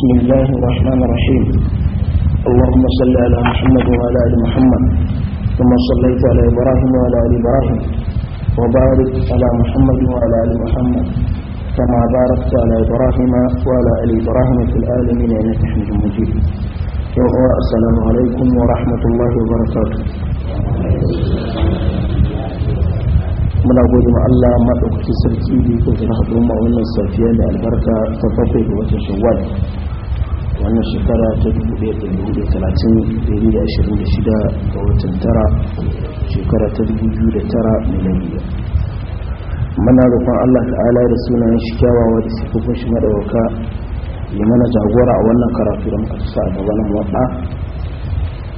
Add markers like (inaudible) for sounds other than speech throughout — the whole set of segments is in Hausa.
بسم الله الرحمن الرحيم اللهم صل على محمد وعلى آل محمد كما صليت على إبراهيم وعلى آل إبراهيم وبارك على محمد وعلى آل محمد كما باركت على إبراهيم وعلى آل إبراهيم في العالمين إنك حميد مجيد السلام عليكم ورحمة الله وبركاته من أقول ما الله ما sarki da yake jira haɗu ma wannan safiya da albarka wannan shekara ta 1436 ga watan tara shekara ta 2009 milaniya mana rufin allah ta'ala da sunayen shi kyawawa da sifofin shi madawaka ya mana jagora a wannan karatu da muka sa a gabanin wadda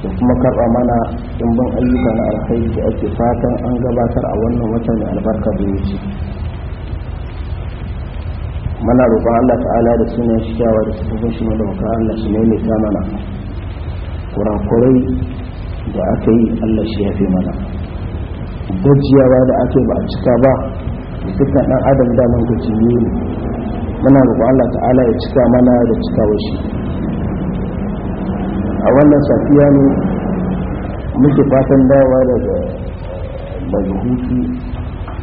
da kuma karɓa mana ɗimbin ayyuka na alkhairi da ake fatan an gabatar a wannan wata mai albarka da ya mana roƙon Allah ta'ala da sunan shi da da sufufin shi madawaka Allah shi ne ta mana kurakurai da aka yi Allah shi ya fi mana gajiyawa da ake ba a cika ba da suka ɗan adam damar gajiye ne muna roƙon Allah ta'ala ya cika mana da cika shi a wannan safiya ne muke fatan dawa daga daga hutu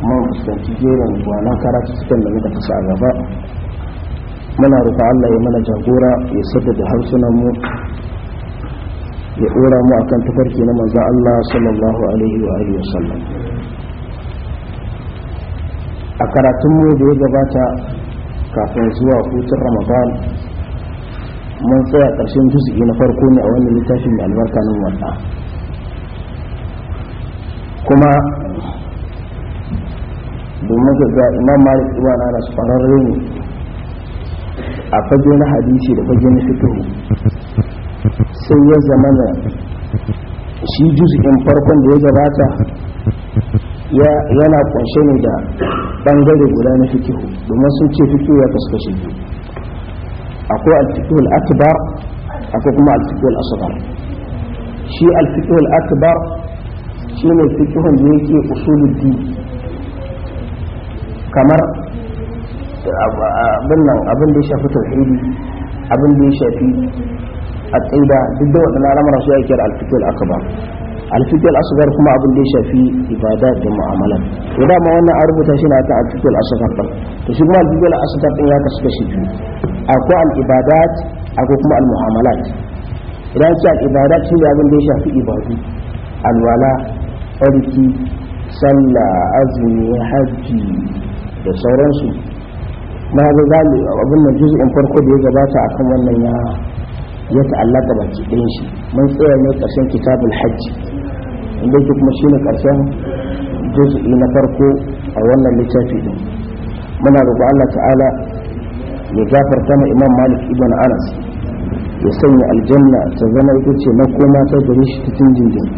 kuma fuskanci jerin gwanon karatu sukan da muka kasa a gaba muna rufa Allah ya mana jagora ya saddada harsunan mu ya ɗora mu akan tafarki na manzon Allah sallallahu alaihi wa alihi a karatun mu da ya gabata kafin zuwa hutun Ramadan mun tsaya ƙarshen juz'i na farko ne a wannan littafin mai albarka nan wanda kuma domin ga imam malik ibn da su ne a fage na hadisi da fage na fito sai ya zamana shi juz'in farkon da ya gabata yana kunshe ne da bangare guda na fikihu domin sun ce fikihu ya kaskashe biyu akwai alfikihul akbar akwai kuma alfikihul asghar shi alfikihul akbar shi ne fikihun da yake usulul din kamar abin nan abin da ya shafi tauhidi abin da ya shafi a aqida duk da waɗannan al'amura su yake da alfitul akbar alfitul asghar kuma abin da ya shafi ibada da mu'amala to dama wannan an rubuta shi na ta alfitul asghar din to shi kuma alfitul asghar din ya kasu shi biyu akwai al-ibadat akwai kuma al-mu'amalat idan ce al-ibadat shi abin da ya shafi ibadu alwala tsarki sallah azumi hajji da sauransu na ga zali abin nan juz'in farko da ya gabata akan wannan ya ya ta'allaka baki ɗayan shi mun tsaya ne ƙarshen kitabul hajji inda yake kuma shine ƙarshen juz'i na farko a wannan littafi din muna roƙo Allah ta'ala ya gafarta ma Imam Malik ibn Anas ya sanya aljanna ta zama ita ce na koma ta gare shi cikin jinjin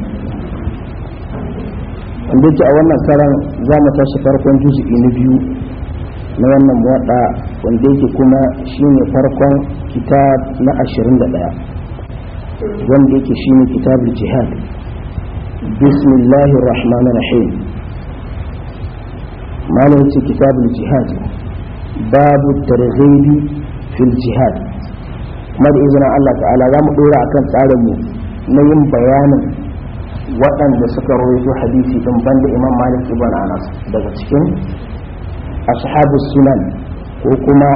inda yake a wannan karan za mu tashi farkon juz'i na biyu na wannan muwadda wanda yake kuma shine farkon kitab na 21 wanda yake shine kitabul jihad bismillahir rahmanir rahim malam ce kitabul jihad babu targhibi fil jihad kuma da izinin Allah ta'ala za mu dora akan tsarin mu na yin bayanin waɗanda suka rawaito hadisi din banda Imam Malik ibn Anas daga cikin ashabu sunan ko kuma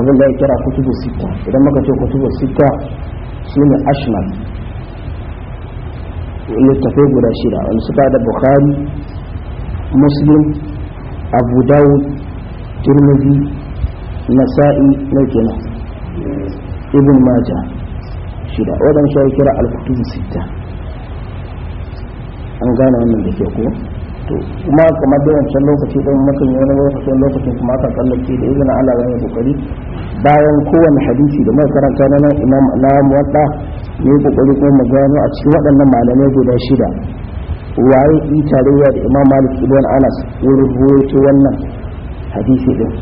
abin da ya kira kutubu sita idan maka ce kutubu sita su ne ashmal littafai guda shida wani suka da bukhari muslim abu dawud turmudi nasa'i na kenan ibn maja shida shi ya kira al-kutubu sita an gane wannan da ke ko to kuma kamar da wancan lokaci ɗin mukan yi wani lokacin lokacin kuma aka tsallake da izinin Allah ya yi kokari bayan kowane hadisi da mai karanta na nan imam na muwadda ne kokari kuma mu gano a cikin waɗannan malamai guda shida waye yi tarayya da imam malik ibn anas wurin ruwaito wannan hadisi din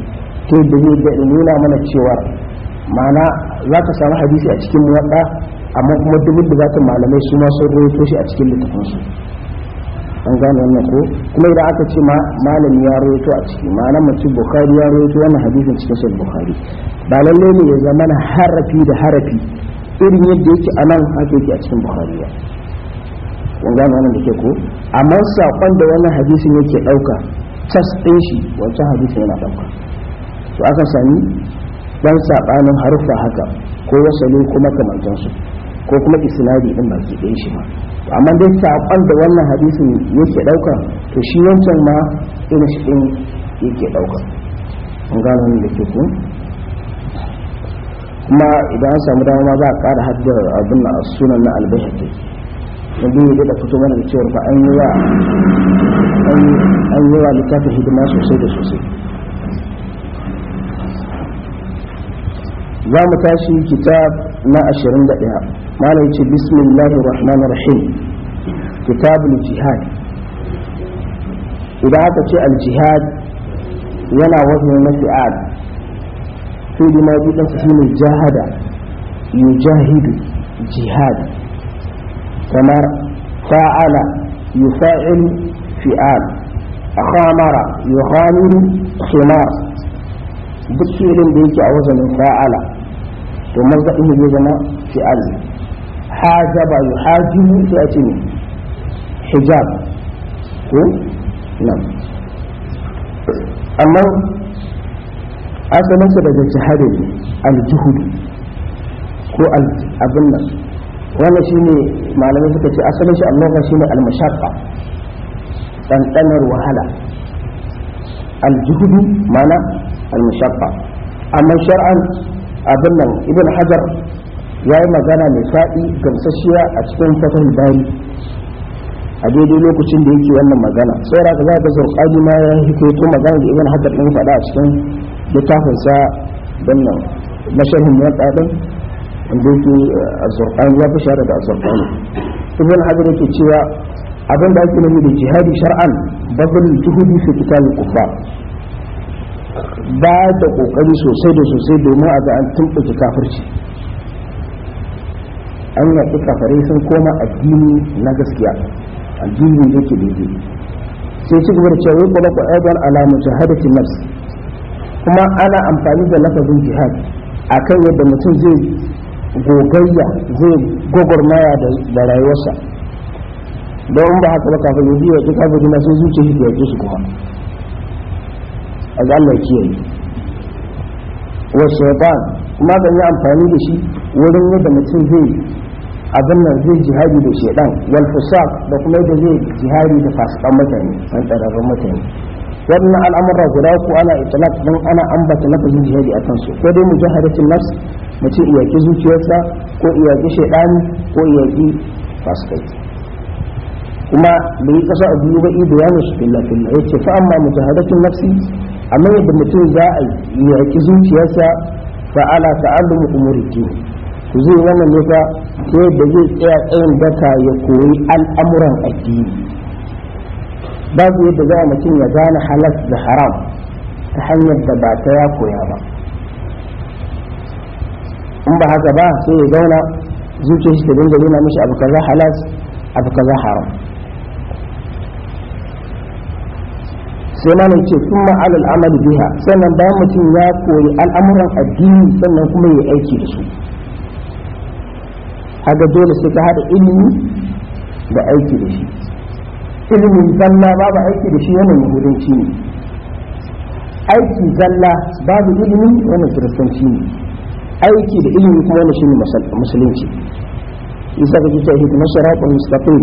to da ne da nuna mana cewa ma'ana za ka samu hadisi a cikin muwadda amma kuma duk da zata malamai su ma sun ruwaito shi a cikin su an gane wannan ko kuma idan aka ce ma malami ya rawaito a ciki ma'ana mutum bukhari ya rawaito wannan hadisin cikin sahih bukhari ba lalle ne ya zama na harafi da harafi irin yadda yake a nan haka yake a cikin bukari ba kun gane wannan da ke ko amma saƙon da wannan hadisin yake ɗauka tas ɗin shi wancan hadisin yana ɗauka to aka sami dan sabanin harufa haka ko wasali ko jansu ko kuma isnadi din baki ɗaya shi ma amma dai saƙon da wannan hadisin yake ɗauka to shi wancan ma ina shi ɗin yake ɗauka an gano da ke kun kuma idan an samu dama za a ƙara haddar abin na sunan na albashaki wanda ya da fito mana da cewar fa an yi wa an yi wa littafin hidima sosai da sosai za mu tashi kitab na ashirin da ɗaya malam ce bismillahir rahmanir rahim كتاب الجهاد إذا أتى الجهاد ولا وزن المسعاد في لما يجب أن تكون يجاهد جهاد كما فاعل يفاعل فعال أخامر يغامر خمار بكير بيك أوزن فاعل ومرضئه بيزن فعال حاجب يحاجب فأتني hijab ko nan amma asalinsa daga jihadi ne aljihudu ko abin nan wannan shi ne malamai suka ce asalin shi allaga shi ne almashaka ɗanɗanar wahala aljuhudu mana almashaka amma shar'an abin nan ibn hajar ya yi magana mai faɗi gamsashiya a cikin fatahul bari a daidai lokacin da yake wannan magana sai saboda ka za ka zarqaji ma ya hikaito magana da ibn hajar din faɗa a cikin littafin sa wannan masharhin ya ɗaɗin inda yake eh, azurƙani ya fi shahara da azurƙani ibn hajar yake cewa abin da ake nufi da jihadi shar'an babin juhudi fi kitabul kufa ba da kokari sosai da sosai domin a ga an tumɓuke kafirci an yaƙi kafare sun koma addini na gaskiya addini da yake daidai sai ci gaba da cewa wai talaqu aidan ala mujahadati nafs kuma ana amfani da lafazin jihad akan yadda mutum zai gogayya zai gogormaya da rayuwarsa don ba haka ba kafin yaji wa duka ba dina sai zuciya shi yake su kuma a ga Allah kiyaye wa shaytan kuma zan yi amfani da shi wurin yadda mutum zai abin nan zai jihadi da shedan wal fusaq da kuma da zai jihadi da fasikan mutane an tsararrun mutane wannan al'amura guda ku ana itlaq din ana ambata lafazin jihadi a kansu ko dai mujahadatin nafs mace iyaki zuciyarsa ko iyaki shedani ko iyaki fasikai kuma yi kasa a biyu ba i ya su filla filla yace fa amma mujahadatin nafsi amma yadda mutum za a yaki zuciyarsa fa ala ta'allumu umuri ku zai wannan ne fa ta da zai tsaya tsayin daka ya koyi al'amuran addini babu yadda za mutum ya gane halas da haram ta hanyar da ba ta ya koya ba in ba haka ba sai ya zauna zuciyar shi da dinga nuna mishi abu kaza halas abu kaza haram sai malam ce sun ma'alal amali biha sannan bayan mutum ya koyi al'amuran addini sannan kuma ya aiki da su kaga dole sai ka hada ilimi da aiki da shi ilimin zalla babu aiki da shi wannan yahudanci ne aiki zalla babu ilimi wannan kiristanci ne aiki da ilimi kuma shi ne musulunci isa ga jita hidima siratal mustaqim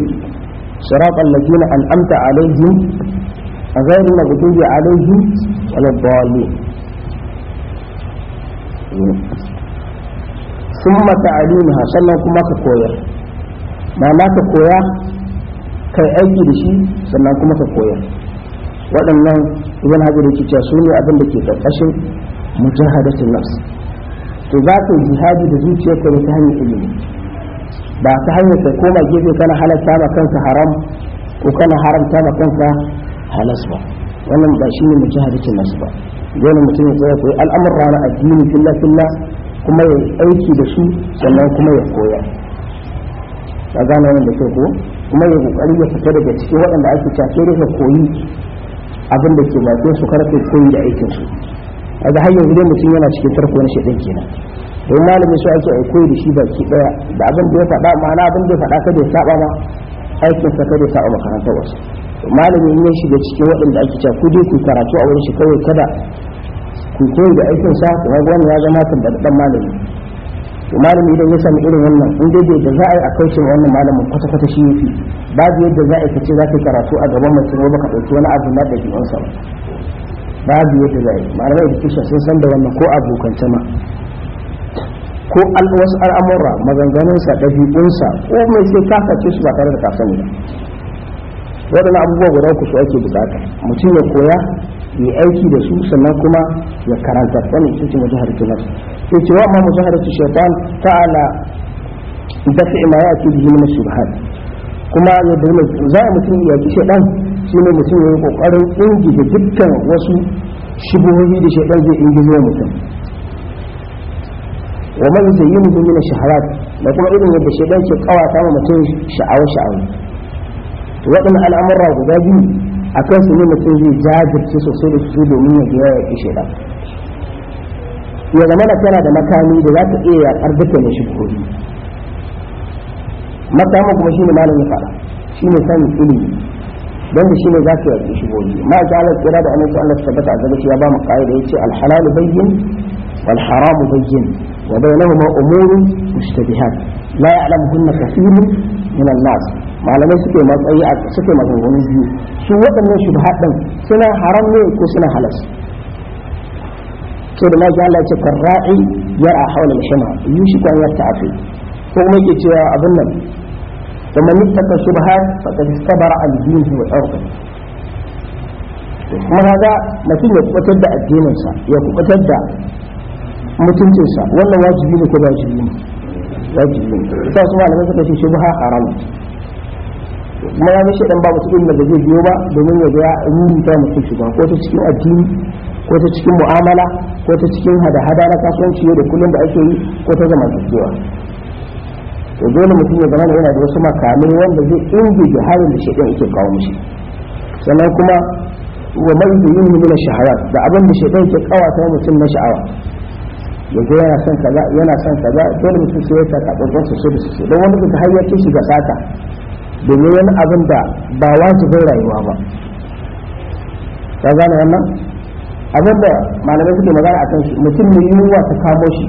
siratal ladina an'amta alaihim غير المغضوب عليهم wani الضالين sun mata alimaha sannan kuma ka koya ma'ana ka koya kai aiki da shi sannan kuma ka koya waɗannan ibn hajar yake cewa su ne abin da ke ƙarƙashin mujahadatul nafs to za ka jihadi da zuciyarka ne ta hanyar ilimi ba ta hanyar ka koma gefe kana halatta ma kanka haram ko kana haramta ma kanka halas ba wannan ba shine mujahadatul nafs ba dole mutum ya tsaya koyi al'amuran addini fillah fillah kuma ya aiki da su sannan kuma ya koya ta gane wani da ko kuma ya kokari ya fita daga cikin waɗanda ake cace da koyi abin da ke bakin su karfe koyi da aikin su kaga har yanzu mutum yana cikin tarko na shedan kenan don malamin su ake aikoyi koyi da shi baki ɗaya. da abin da ya faɗa ma'ana abin da ya faɗa da ya saba ma aikin sa da ya saba makarantar wasu malamin in ya shiga cikin waɗanda ake cewa ku dai ku karatu a wurin shi kawai kada ku koyi da aikin sa kuma wannan ya zama tabbatar malami to malami idan ya sami irin wannan in dai da za a yi a kauce wannan malamin kwata kwata shi yafi babu yadda za a yi kace za ka karatu a gaban mutum ko baka dauki wani abu na da bi'un sa babu yadda za a yi malamai education sun san da wannan ko abokan ma ko wasu al'amura maganganunsa ɗabi'unsa ko mai sai ka su ba tare da ka sani ba waɗannan abubuwa guda ku su ake bukata mutum ya koya yi aiki da su sannan kuma ya karanta wani ita ce mujaharatu nafs sai ce wa amma mujaharatu shaytan ta'ala dafi ma ya'ti bihi min shubhat kuma ya dole za mutum ya ki shaytan ne mutum ya yi kokarin da dukkan wasu shubuhohi da shaytan zai zuwa mutum wa man mu min ash shaharar? da kuma irin yadda shaytan ke kawata ma mutum sha'awa sha'awa to al'amurra guda biyu a su ne mutum zai jajirce sosai da su domin ya biya ya kishe da ya zama da tana da makami da za ta iya yaƙar duka ne shi kori makamin kuma shi ne malam ya faɗa shi ne sanin ilimi don da shi ne za ka yaƙi shi goyi ma ga Allah kira da annabi Allah ta tabbata a gaba ya ba mu qaida yace al halal bayyin wal haram bayyin wa bainahuma umurun mushtabihat la ya'lamuhunna kathirun min al nas malamai suke matsayi a suke maganganu biyu su waɗannan shubhat din suna haram ne ko suna halas to da na ga Allah ya ce karra'i yara hawla al-hima yushiku an yasta'fi ko kuma yake cewa abin nan ومن اتقى الشبهات فقد استبرأ لدينه وعرضه kuma kaga mutum ya kubatar da addininsa ya kubatar da mutuncinsa wannan wajibi ne ko wajibi ne wajibi ne sai su malamai suka ce shubha haram kuma ya mishi dan ba mutum ilimin da zai biyo ba domin ya ga ta mutum shi ba ko ta cikin addini ko ta cikin mu'amala ko ta cikin hada-hada na kasuwanci da kullun da ake yi ko ta zama cikewa to dole mutum ya zama yana da wasu makamai wanda zai ingige harin da shaidan yake kawo mishi sannan kuma wa mai da yin min shahawat da abin da shaidan yake ta mutum na sha'awa ya ga yana son kaza yana son kaza dole mutum sai ya ta kaɓar su da su don wanda ka har ya shiga saka. domin wani abin da ba zai rayuwa ba ta gane wannan abin da malamai suke magana a kan shi mutum mai yiwuwa ta kamo shi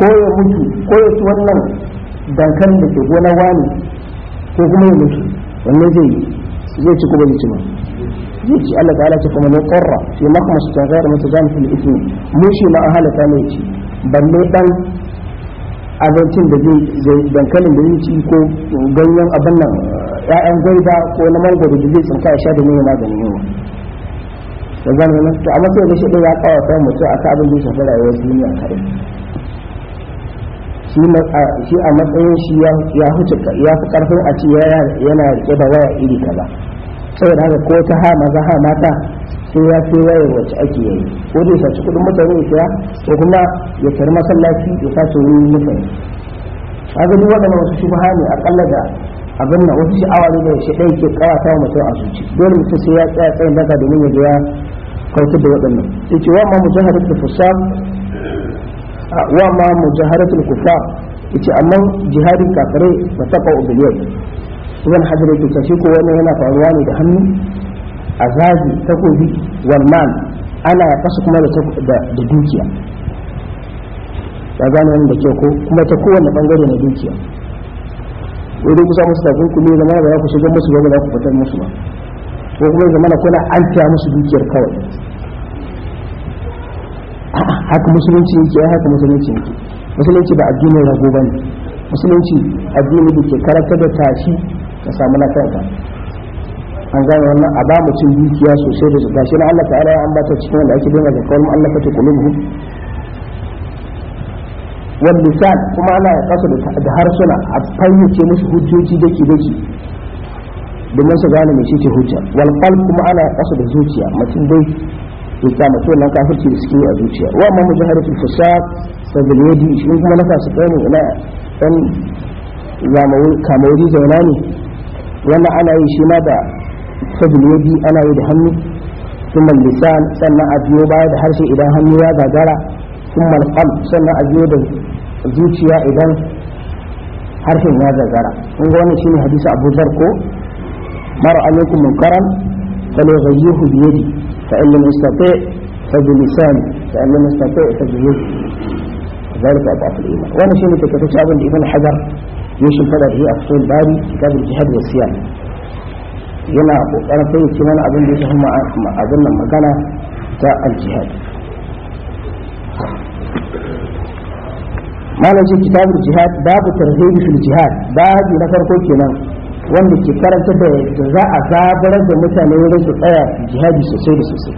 ko ya mutu ko ya ci wannan dankalin da ke gona wani ko kuma ya mutu wannan zai zai ci kuma ci ba zai ci Allah ta'ala ce kuma ne qarra fi maqmas taghayr mutajan fil ismi mushi ma ahalata ne ci balle dan abincin da zai dankalin da zai ci ko ganyen abin nan ya'yan gwaiba ko na mangoro da zai tsinka ya sha da mai maganin yunwa da zan nan to a matsayin da shi ya kawo sai mutum a abin da ya shafi rayuwar duniya kare shi a matsayin shi ya fi karfin a ce yana da waya iri kaza saboda haka ko ta ha maza ha mata sai ya ce waye wacce ake yayi ko dai saci kudin mutane ya siya ko kuma ya tari masallaci ya sace wurin mutane a gani waɗanda wasu shubha ne akalla da abin na wasu sha'awa ne da shi ɗaya ke kawata mutum a zuci dole mutum sai ya tsaya tsayin daga domin ya ga ya da waɗannan sai ce wa ma mujahadatul fusaq wa ma mujahadatul kufar ce amma jihadin kafirai ta kawo biliyar ibn hajar yake cewa ko wani yana faruwa ne da hannu a zagi takobi wal ana kasa kuma da dukiya ya gane da ke ko kuma ta kowane bangare na dukiya wurin kusa musu da kunku ne zama ba ku shiga musu ba za ku fitar musu zama na kuna an musu dukiyar kawai haka musulunci yake haka musulunci yake musulunci ba addinin addini da ke karatar da tashi ka samu na kanka an gane wannan a ba mutum dukiya sosai da su gashi na Allah ta'ala an ba ta cikin wanda ake dinga da kawai Allah ta kulubu wal lisan kuma ana kasa da harsuna a fayyace musu hujjoji dake dake domin su gane mai shi hujja wal qalb kuma ana kasa da zuciya mutum dai ya kama to nan kafirci da suke a zuciya wa amma mujaharatul fasad sabil yadi shi kuma na su kai ne ina dan zamawai kamawai zauna wannan ana yi shi ma da tabliyobi ana yi da ثم اللسان سنة أبيو بعد هرشي إذا هم يا غجرة ثم القلب سنة أبيو ده زوجيا إذا هرشي يا غجرة ونقول شيني حديث أبو ذر مر عليكم من كرم فليغيره بيدي فإن لم يستطيع فبلسانه فإن لم يستطيع فبيده ذلك أضعف الإيمان وأنا شيني تكتشف ابن حجر yushin fada da a cikin bari kitabul jihad wa siyar yana kokarin fayyace mana abin da ya shafi abin nan magana ta al-jihad malam shi kitabul jihad babu tarhibi fil jihad babu na farko kenan wanda ke karanta da yadda za a zabarar da mutane wurin su tsaya jihadi sosai da sosai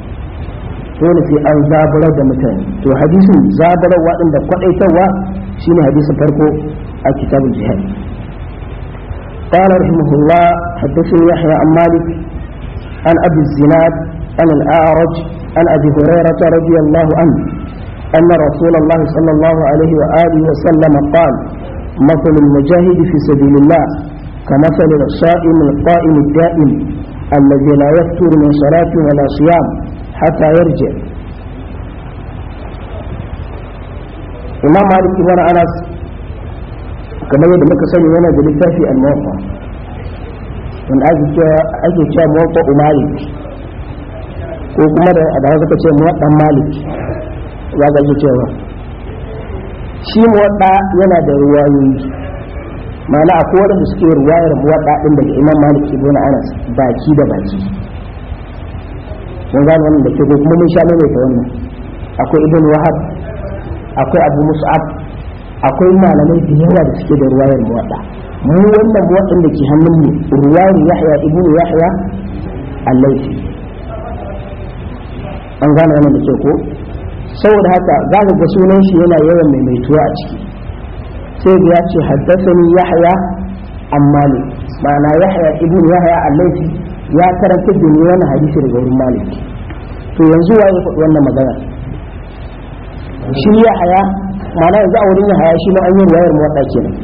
ko na sai an zabarar da mutane to hadisin zabararwa din da kwadaitarwa shine hadisin farko الكتاب الجهاد قال رحمه الله حدثني يحيى عن مالك عن أبي الزناد عن الأعرج عن أبي هريرة رضي الله عنه أن رسول الله صلى الله عليه وآله وسلم قال مثل المجاهد في سبيل الله كمثل الصائم القائم الدائم الذي لا يفتر من صلاة ولا صيام حتى يرجع إمام مالك بن أنس kamar yadda muka sani yana da littafi a mawafa wanda ake cewa mawafa cewa ko kuma da da hausa ka ce muwatta malik ya ka cewa shi muwatta yana da ruwayoyi ma'ana kowar da suke ruwayar muwaɗa ɗin da imam malik ibn anas baki da baki mun gane wannan da ke kuma mun sha ta wannan akwai ibn wahab akwai abu mus'ab akwai malamai da yawa da suke da ruwayar muwadda mu wannan muwaddan da ke hannun mu ruwayar yahya ibnu yahya al-laythi an gane wannan da ke ko saboda haka zaka ga sunan shi yana yawan maimaituwa a ciki sai ya ce haddathani yahya an malik ma'ana yahya ibnu yahya al-laythi ya karanta da ni wani hadisi daga wurin malik to yanzu waye faɗi wannan magana shi yahya ma'ana yanzu a wurin yahaya shi ma an yi riwayar ke kenan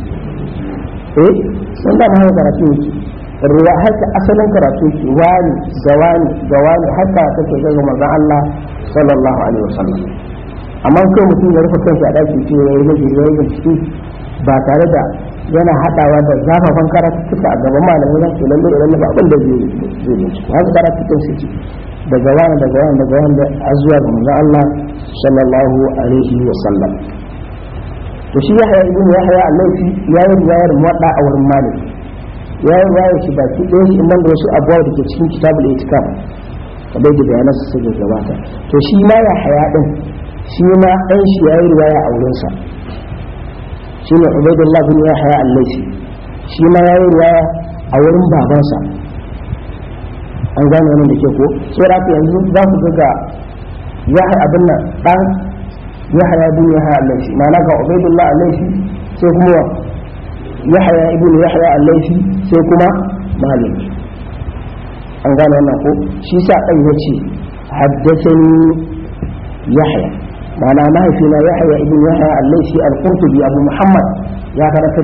eh sun da haka karatu yake ruwa haka asalin karatu yake wani zawani gawani haka kake ga maza Allah sallallahu alaihi wa sallam. amma kai mutum ya rufe kansa a daki ce yayi ne yayi ciki ba tare da yana hadawa da zafafan karatuka a gaban malamai na sunan da ba abin da zai zai ne wasu karatukan su ce daga wani daga wani daga wani a zuwa ga manzon Allah sallallahu alaihi wa sallam. to shi yahya ibn yahya al-laifi ya yi riwayar muwadda a wurin malik ya yi riwayar shi baki ɗaya shi nan da wasu abubuwa da ke cikin kitabul itikaf kadai da bayanan su suka gabata to shi ma yahya din shi ma ɗan shi ya yi riwaya a wurinsa shi ne ubaidullah bin yahya al-laifi shi ma ya yi riwaya a wurin babansa an gane wannan da ke ko sai da yanzu za ku ga ya abin nan ɗan yahya ibn yahya al-laysi ma'ana ga ubaidullah al-laysi sai kuma yahya ibn yahya al-laysi sai kuma malik an gane wannan ko shi sa dan yace haddathani yahya ma'ana mahaifina yahya ibn yahya al-laysi al-qurtubi abu muhammad ya karanta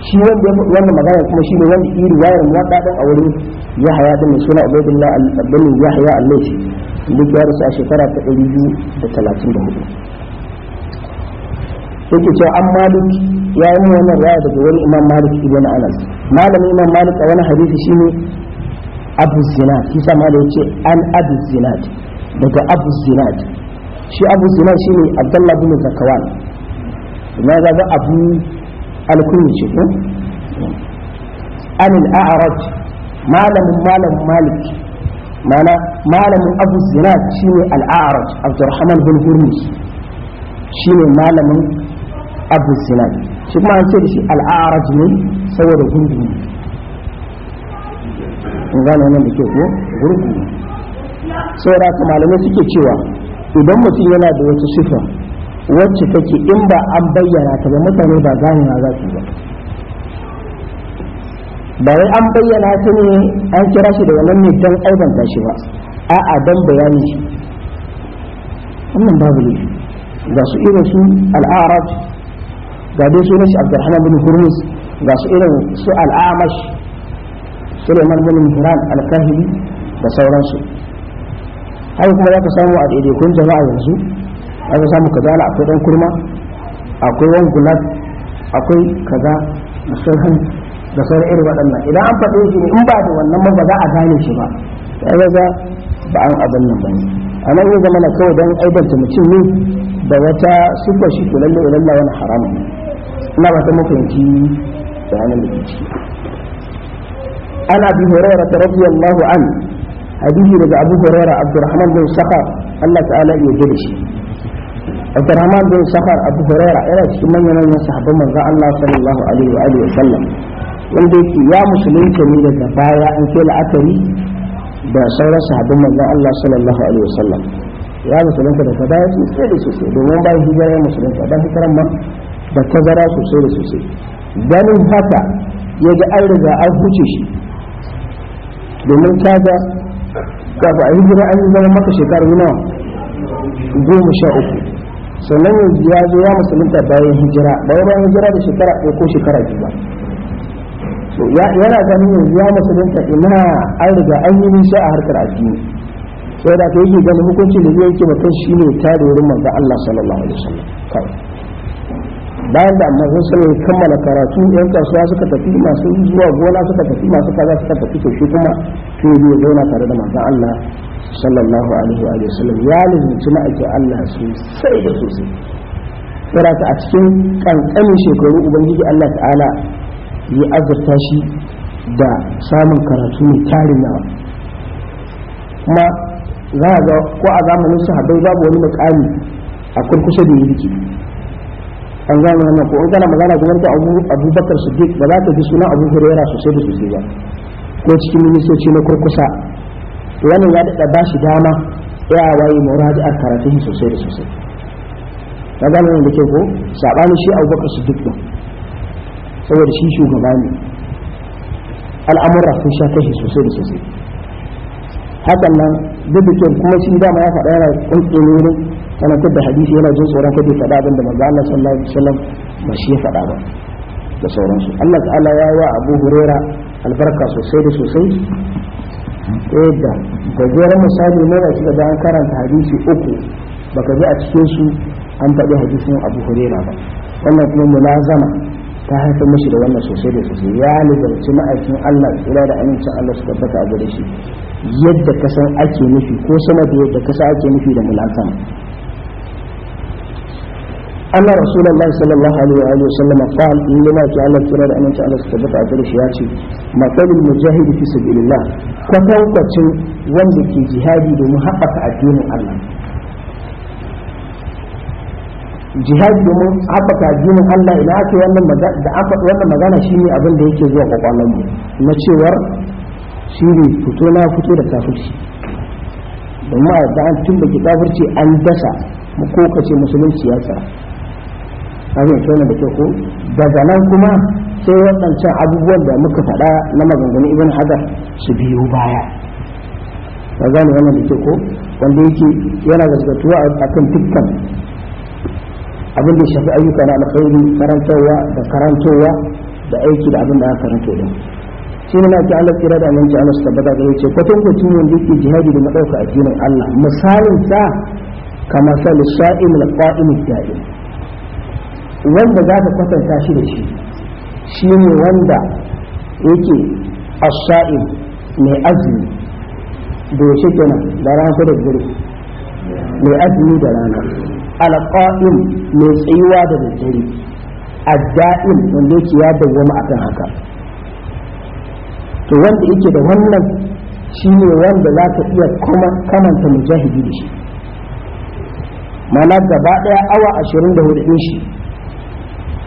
shi magana kuma shi ne wanda iri wayar muwadda a wurin yahya suna ubaidullah ibn al-laysi duk ya rasu a shekara ta da talatin 234 yake cewa an malik ya yi wannan raya daga wani imam malik ibn anas malamin imam malik a wani hadisi shine abu zinat shi sa malik yace an abu zinat daga abu zinat shi abu zinat shine abdullah bin zakawan na ga abu alkunni ce ko an al-a'raj malamin malamin malik mana malamin abu zinad ne al'araj abdurrahman bin hurmus ne malamin abu zinad shi kuma an ce da shi al'araj ne saboda gurgu in gane nan da ke ko gurgu saboda ka malamai suke cewa idan mutum yana da wata sifa wacce take in ba an bayyana ta ba mutane ba ganewa za su ba ba wai an bayyana ta ne an kira shi da wannan ne don aibanta shi ba a'a don bayani shi wannan babu ne ga su irin su al'arab ga dai su shi abdurrahman bin hurmus ga su irin su al'amash suleiman bin mihran al-kahili da sauransu haka kuma za ka samu a daidaikun jama'a yanzu za ka samu kazala akwai dan kurma akwai wangulat akwai kaza da da sauran irin waɗannan idan an faɗe shi ne in ba da wannan ba za a gane shi ba sai ga ba an abin nan bane a nan ya zama na kawai don aibanta mutum ne da wata sufar shi to lalle ilalla wani haramun ne ina ba ta mafanci da hannun da ciki an abi hurairah ta allahu an hadisi daga abu hurairah abdurrahman bin sakhar Allah ta'ala ya yarda shi abdurrahman bin sakhar abu hurairah yana cikin manyan manyan sahabban manzon Allah sallallahu alaihi wa alihi wa sallam wanda yake ya musulunta ne daga baya an ke la'akari da sauran sahabban manzon Allah sallallahu alaihi wasallam ya musulunta daga baya sosai da sosai domin bayan hijira ya musulunta dan hijiran ma da tazara sosai da sosai ganin haka ya ga an riga an huce shi domin kaga kafin a hijira an yi zama maka shekaru nawa goma sha uku sannan yanzu ya zo ya musulunta bayan hijira bayan hijira da shekara ko shekara biyu so yana ganin yanzu ya musulunta ina an riga an yi nisa a harkar addini sai da yake ganin hukunci da zai yake mutum shine ta da wurin manzo Allah sallallahu alaihi wasallam kawai bayan da amma sun kammala karatu yan kasuwa suka tafi masu zuwa gona suka tafi masu kaza suka tafi to shi kuma to ya zauna tare da manzo Allah sallallahu alaihi wa sallam ya lizinci ma'aikin Allah sosai da sosai sarata a cikin kankanin shekaru ubangiji Allah ta'ala Yi azurta shi da samun karatu mai tarin kuma za a ga ko a zamanin sahabbai babu wani makami a kurkusa da yi an zama wannan ko an magana kamar ta abubakar siddiq ba za ka ji sunan abu hurairah sosai da sosai ba ko cikin ministoci na kurkusa wannan ya daɗa ba shi dama ya waye muradi a karatun sosai da sosai na gane wannan da ke ko saɓani shi abubakar siddiq ba saboda shi shugaba ne al'amura sun sha kashi sosai da sosai hakan nan duk da kuma shi dama ya faɗa yana kuntsoro wurin karantar da hadisi yana jin tsoron kada ya faɗa abin da manzo Allah sallallahu alaihi wasallam ba shi ya faɗa ba da sauransu Allah ta'ala ya wa Abu Huraira albarka sosai da sosai yadda gajeren misali ne ba shi da an karanta hadisi uku baka ji a cikin su an faɗi hadisin Abu Huraira ba wannan kuma mulazama ta haifar mashi da wannan sosai da sosai ya lizarci ma'aikin Allah tsira da amincin Allah su tabbata a gare shi yadda kasan ake nufi ko sanar da yadda kasa ake nufi da mulazama أن رسول الله صلى الله عليه وآله وسلم قال إنما جعل الكرار أن أنت ya ce, برشياتي مثل المجاهد في سبيل wanda ke jihadi domin haɓaka addinin Allah. jihad domin haɓaka addinin Allah ina ake wannan magana da aka wannan magana shine abin da yake zuwa kwakwalwar mu na cewar ne fito na fito da kafirci domin a da an tunda ki kafirci an dasa mu ko kace musulunci ya tsara kaje to ne da ke ko daga nan kuma sai waɗancan abubuwan da muka faɗa na maganganun ibn hadar su biyo baya ka gane wannan da ke ko wanda yake yana gaskatuwa kan dukkan abin da shafi ayyuka na alkhairi karantarwa da karantowa da aiki da abin da aka karanto din shi ne na Allah kira da aminci Allah su tabbata ga yace kwatan kwatan wanda yake jihadi da madauka addinin Allah misalin sa kamar sa lisa'im alqa'im da'im wanda za kwatanta shi da shi shi ne wanda yake as-sa'im mai azumi da yake kenan da ran da dare mai azumi da rana alƙa'in mai tsayuwa da daddare adda'in wanda yake ya dawwama akan haka to wanda yake da wannan shine wanda za ka iya kuma kamanta mujahidi da shi mana gaba daya awa ashirin da hudu shi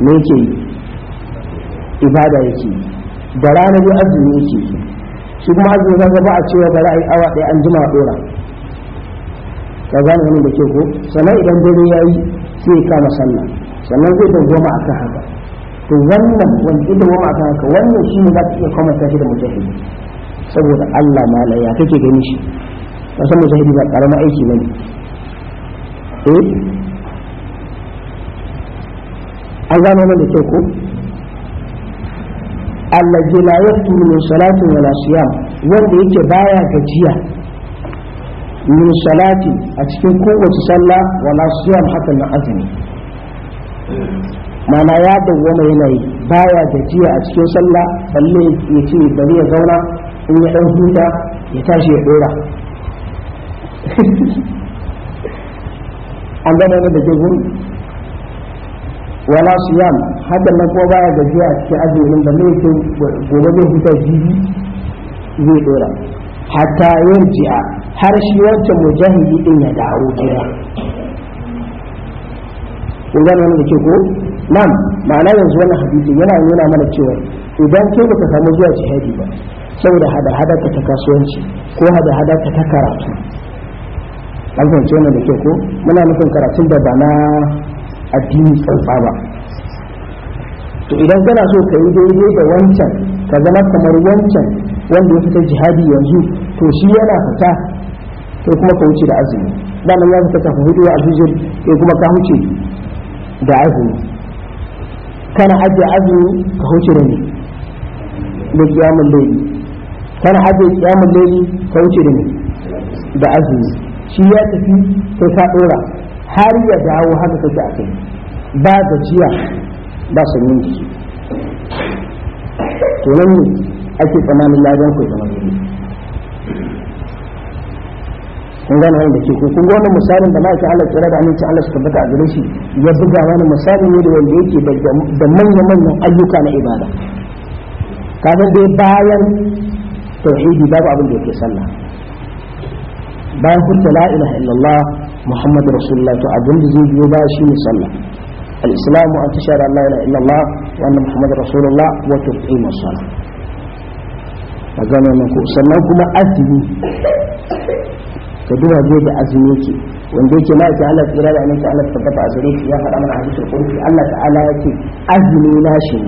ne yake yi ibada yake yi da ranar azumi yake yi shi kuma azumi ka ba a cewa bari a yi awa daya an jima dora ka gane wani da ke ko sannan idan dare ya yi sai kama sallah sannan zai ta goma a kan haka to wannan wanda goma a kan haka wannan shi ne za ka iya kwamanta shi da mujahidi saboda Allah mala ya kake gani shi kasan mujahidi ba karamin aiki ba ne eh an gano wani da ke ko allazi la yaqtu min salatin wala siyam wanda yake baya gajiya min salati a cikin kowace sallah wala siyam haka na azumi mana ya dawwama yanayi baya gajiya a cikin sallah balle ya ce bari ya zauna in ya dan huta ya tashi ya dora (laughs) an gane da jirgin wala siyam haka na ko baya gajiya a cikin azumin balle ya ce gobe zai huta jibi zai dora hatta yin yarji'a har shi wancan mujahidi din ya dawo gida kun ga nan da ke ko nan ma'ana yanzu wannan hadisi yana nuna mana cewa idan kai baka samu zuwa jihadi ba saboda hada-hada ta kasuwanci ko hada-hada ta karatu an fahimci wannan da ke ko muna nufin karatun da ba na addini tsalfa ba to idan kana so ka yi daidai da wancan ka zama kamar wancan wanda ya fita jihadi yanzu to shi yana fita kai kuma ka wuce da azumi daman ya fita kafin hudu a fijir kai kuma ka wuce da azumi kana ajiye azumi ka wuce da ne da kiyamun laili kana ajiye kiyamun laili ka wuce da ne da azumi shi ya tafi sai ka dora har ya dawo haka kake a kai ba gajiya ba sanyin jiki to nan ne ake tsamanin ladan kai tsamanin daidai kun gane wanda ke ko kun gane misalin da ma'aikin Allah tsira da amincin Allah su tabbata a gare shi ya buga wani misali ne da wanda yake da manya-manyan ayyuka na ibada kafin dai bayan tauhidi babu abin da yake sallah bayan kunta la ilaha illallah muhammadu rasulullah to abin da zai biyo shi ne sallah الإسلام أن تشهد أن لا إله إلا الله وأن محمد رسول الله وتقيم الصلاة magana na ku sannan kuma asibi ka duba zai da azumi yake wanda yake ma yake Allah tsira da annabi Allah tabbata a shi ya faɗa mana hadisul qudsi Allah ta'ala yake azumi na shi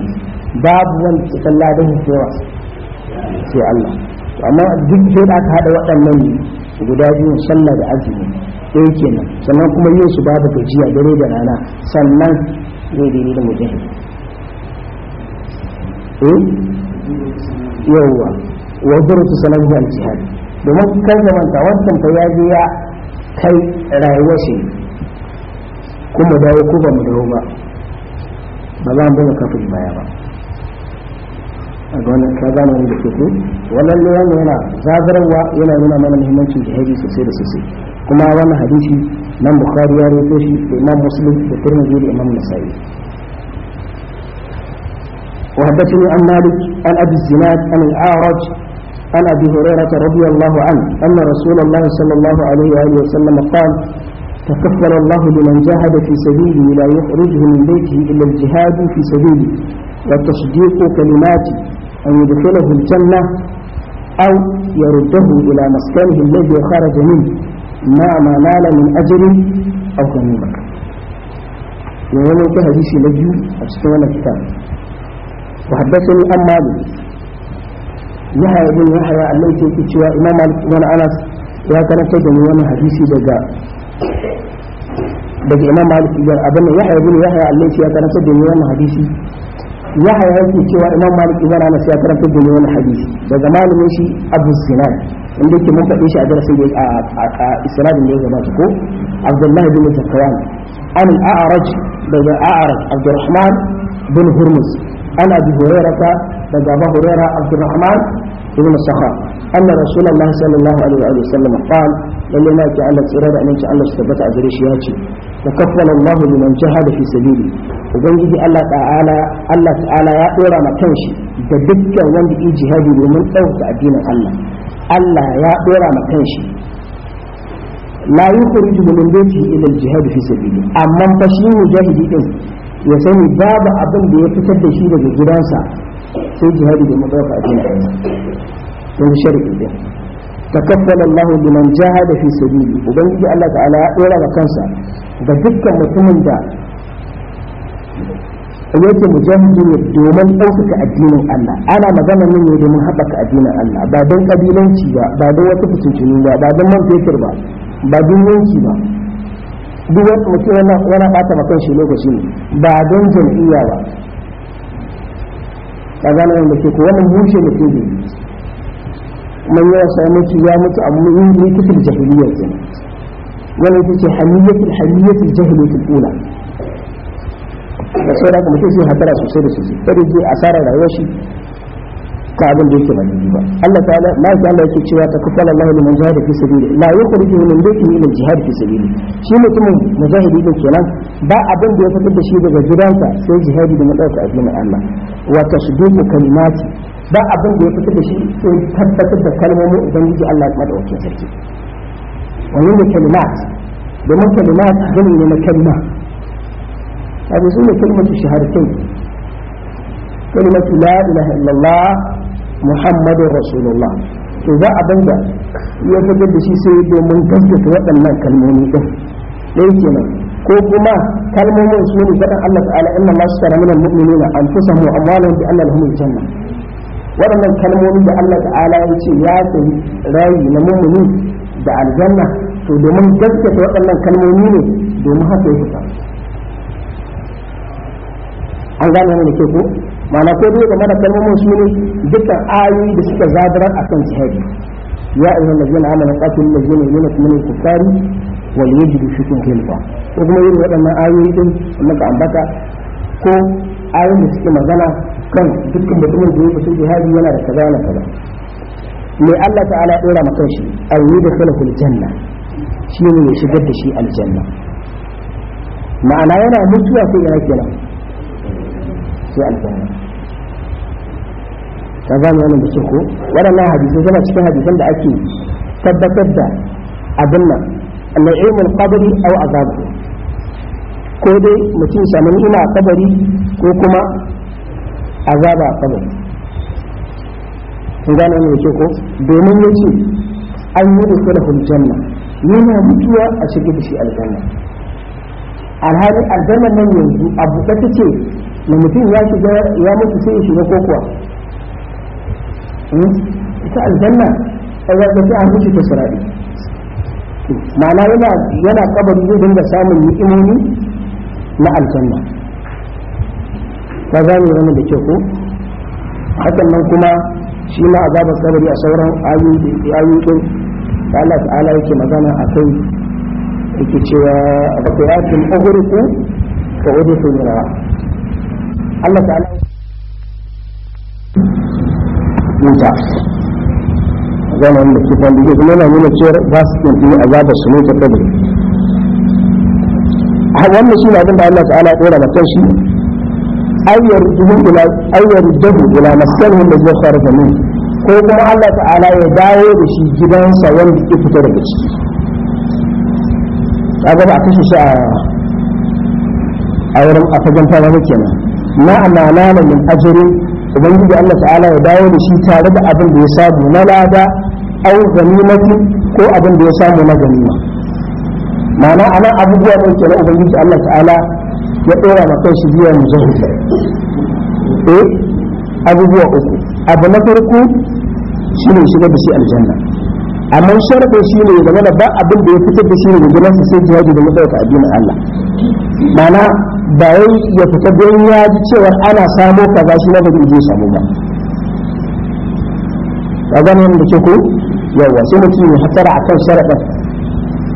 babu wanda ke kalla da sai Allah to amma duk sai da aka hada waɗannan guda biyu sallah da azumi ɗaya kenan sannan kuma yin su babu gajiya dare da rana sannan zai daidai da mujahid eh wa jihad domin kar da manta wancan ta ya je ya kai rayuwar shi kuma dawo ko ba mu dawo ba ba za mu kafin baya ba a ga wannan kaza ne da ke ku wannan ne wannan yana zagarwa yana nuna mana muhimmancin jihadi sosai da sosai kuma wannan hadisi nan bukhari ya rawaito shi da imam muslim da tirmidhi da imam nasa'i وحدثني عن مالك عن ابي الزناد عن الاعرج عن أبي هريرة رضي الله عنه أن رسول الله صلى الله عليه وآله وسلم قال تكفل الله لمن جاهد في سبيله لا يخرجه من بيته إلا الجهاد في سبيله وتصديق كلماتي أن يدخله الجنة أو يرده إلى مسكنه الذي خرج منه ما ما نال من أجر أو غنيمة ويوم كهديث لجيو اشتغل الكتاب وحدثني أم مالك yahaya bin yahaya Allah ke ki cewa imam malik ibn anas ya karanta da wani hadisi daga daga imam malik ibn abin yahaya bin yahaya Allah ya karanta da wani hadisi yahaya yake cewa imam malik ibn anas ya karanta da wani hadisi daga malamin shi abu sinan inda yake mun faɗe shi a darasin da a a da ya gabata ko abdullahi bin zakwan an al-a'raj daga a'raj abdurrahman bin hurmuz عن أبي هريرة أبا هريرة عبد الرحمن بن الصخاء أن رسول الله صلى الله عليه وآله وسلم قال لما ما تعالى سرارة أن تعالى سبت أزريشياتي وكفل الله لمن جهد في سبيله وبنجد الله تعالى الله تعالى يا أورا ما كنشي دكا وند إي جهادي لمن أوسع دين الله الله يا أورا ما كنشي لا يخرج من بيته إلى الجهاد في سبيله أما فشي مجاهدين ya sani babu abin da ya fitar da shi daga gidansa sai jihadi da madafa a cikin ayyuka don shar'i takaffala Allah liman jahada fi sabili ubangiji Allah ta'ala ya dora ga kansa da dukkan mutumin da yake mujahidi ne domin ɗaukaka addinin Allah ana magana ne ne domin haɓaka addinin Allah ba don ƙabilanci ba ba don wata fitintuni ba ba don man fetur ba ba don yanki ba duk wani mutum yana bata makan shi lokaci ne ba don jam'iyya ba ka gane wanda ke ko wannan bushe da ke ne man yawa sami ya mutu a mun yi kitab jahiliyyar kenan wannan ita ce hamiyyatul hamiyyatul jahiliyatul ula da sai da mutum sai hatara sosai da sosai kada je asara rayuwar shi ta abin da yake ba daidai ba Allah ta'ala ma shi Allah yake cewa ta kafala Allah liman jahada fi sabili la yukhrijuhu min baytihi ila jihad fi sabili shi mutumin mujahidi din kenan ba abin da ya fitar da shi daga gidansa sai jihadi da madauka addinin Allah wa tasdiqu kalimati ba abin da ya fitar da shi sai tabbatar da kalmomin ubangiji Allah madaukakin sarki wannan ne kalimat domin kalimat gani ne na kalma هذه سنة كلمة الشهادتين كلمة لا إله إلا الله muhammadu الله to za a banga ya fitar da shi sai domin gaskata waɗannan kalmomi ɗin ɗaya kenan ko kuma kalmomin su ne faɗin Allah ta'ala inna ma su tara min na an anfusahum wa bi anna Allah alhamdu janna waɗannan kalmomi da Allah ta'ala ya ce ya sayi rayi na mu'mini da aljanna to domin gaskata waɗannan kalmomi ne domin haka ya fita an gane ne ke ko ma'ana ko dai mana kalmomin su ne dukkan ayoyi da suka zadarar akan jihadi ya ayyuhal ladina amanu qatilul ladina yunafiquna min al-kuffari wal yajidu fikum khilfa ko kuma yin waɗannan ayoyi din muka ambata ko ayoyin da suke magana kan dukkan mutumin da ya fito jihadi yana da kaza yana kaza mai Allah ta'ala ya dora maka shi ayyuhu da khalaqul janna shi ne ya shigar da shi aljanna ma'ana yana mutuwa sai yana kenan sai aljanna ka gane wannan da ko waɗannan hadisai cikin hadisan da ake tabbatar da abin nan azabu ko dai mutum samu ni'ima a kabari ko kuma azaba a kabari kun da domin yace an yi da kullu mutuwa a cikin shi aljanna alhali aljanna nan yanzu abu da da mutum ya shiga ya mutu sai ya shiga ko kuwa hmm? ita aljanna a yadda ta an ta sura'i ma'ana yana yana kabari zai dinga samun ni'imomi na aljanna ka gane ranar da ke ko hakan nan kuma shi ma azabar kabari a sauran ayyukin da Allah ta'ala yake magana a kai yake cewa a bakwai yakin uhurku ka wajen sun rawa Allah ta'ala wuta zama wanda ke kan dubu kuma yana nuna cewa za su kintini a zaba su ne ta ɗaɗe wannan shi na abinda Allah ta'ala ɗora mutan shi ayyar duhun ila ayyar dabu ila masarhin da zai fara da mun ko kuma Allah ta'ala ya dawo da shi gidansa wanda ke fita da ciki kaga ba a kashe shi a a wurin a fagen fara kenan ma amalana min ajrin ubangiji Allah ta'ala ya dawo da shi tare da abin da ya samu na lada au ganimati ko abin da ya samu na ganima ma'ana anan abubuwa ɗin ke na ubangiji Allah ta'ala ya ɗora na kai shi biya mu zahu eh abubuwa uku abu na farko shine shiga da shi aljanna amma sharɗin shine ya zama da ba abin da ya fitar da shi ne da gidansa sai jihadi da mutsaya ta addinin Allah mana ba ya fita don ya ji cewa ana samo kaza shi na bazai je samu ba ka gane da ke ku yawa sai mutum ya hatsara kan sharaɗa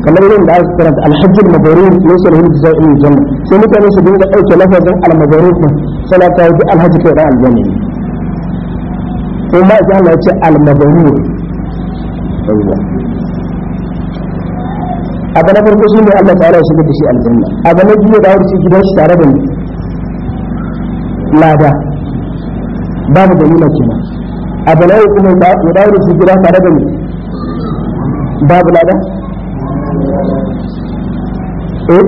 kamar yin da aka karanta alhajjul mabarur ne sai hin zai yi janna sai mutane su dinga ɗauke lafazin almabarur din sai ta yi alhaji kai da aljanna ne kuma ya ce almabarur ne abu na farko shi ne Allah ta'ala rasu da shi aljanna abu na biyu da wuce gidan shi tare da lada babu dalila kenan abu na kuma ya dawo shi gidan tare da babu lada eh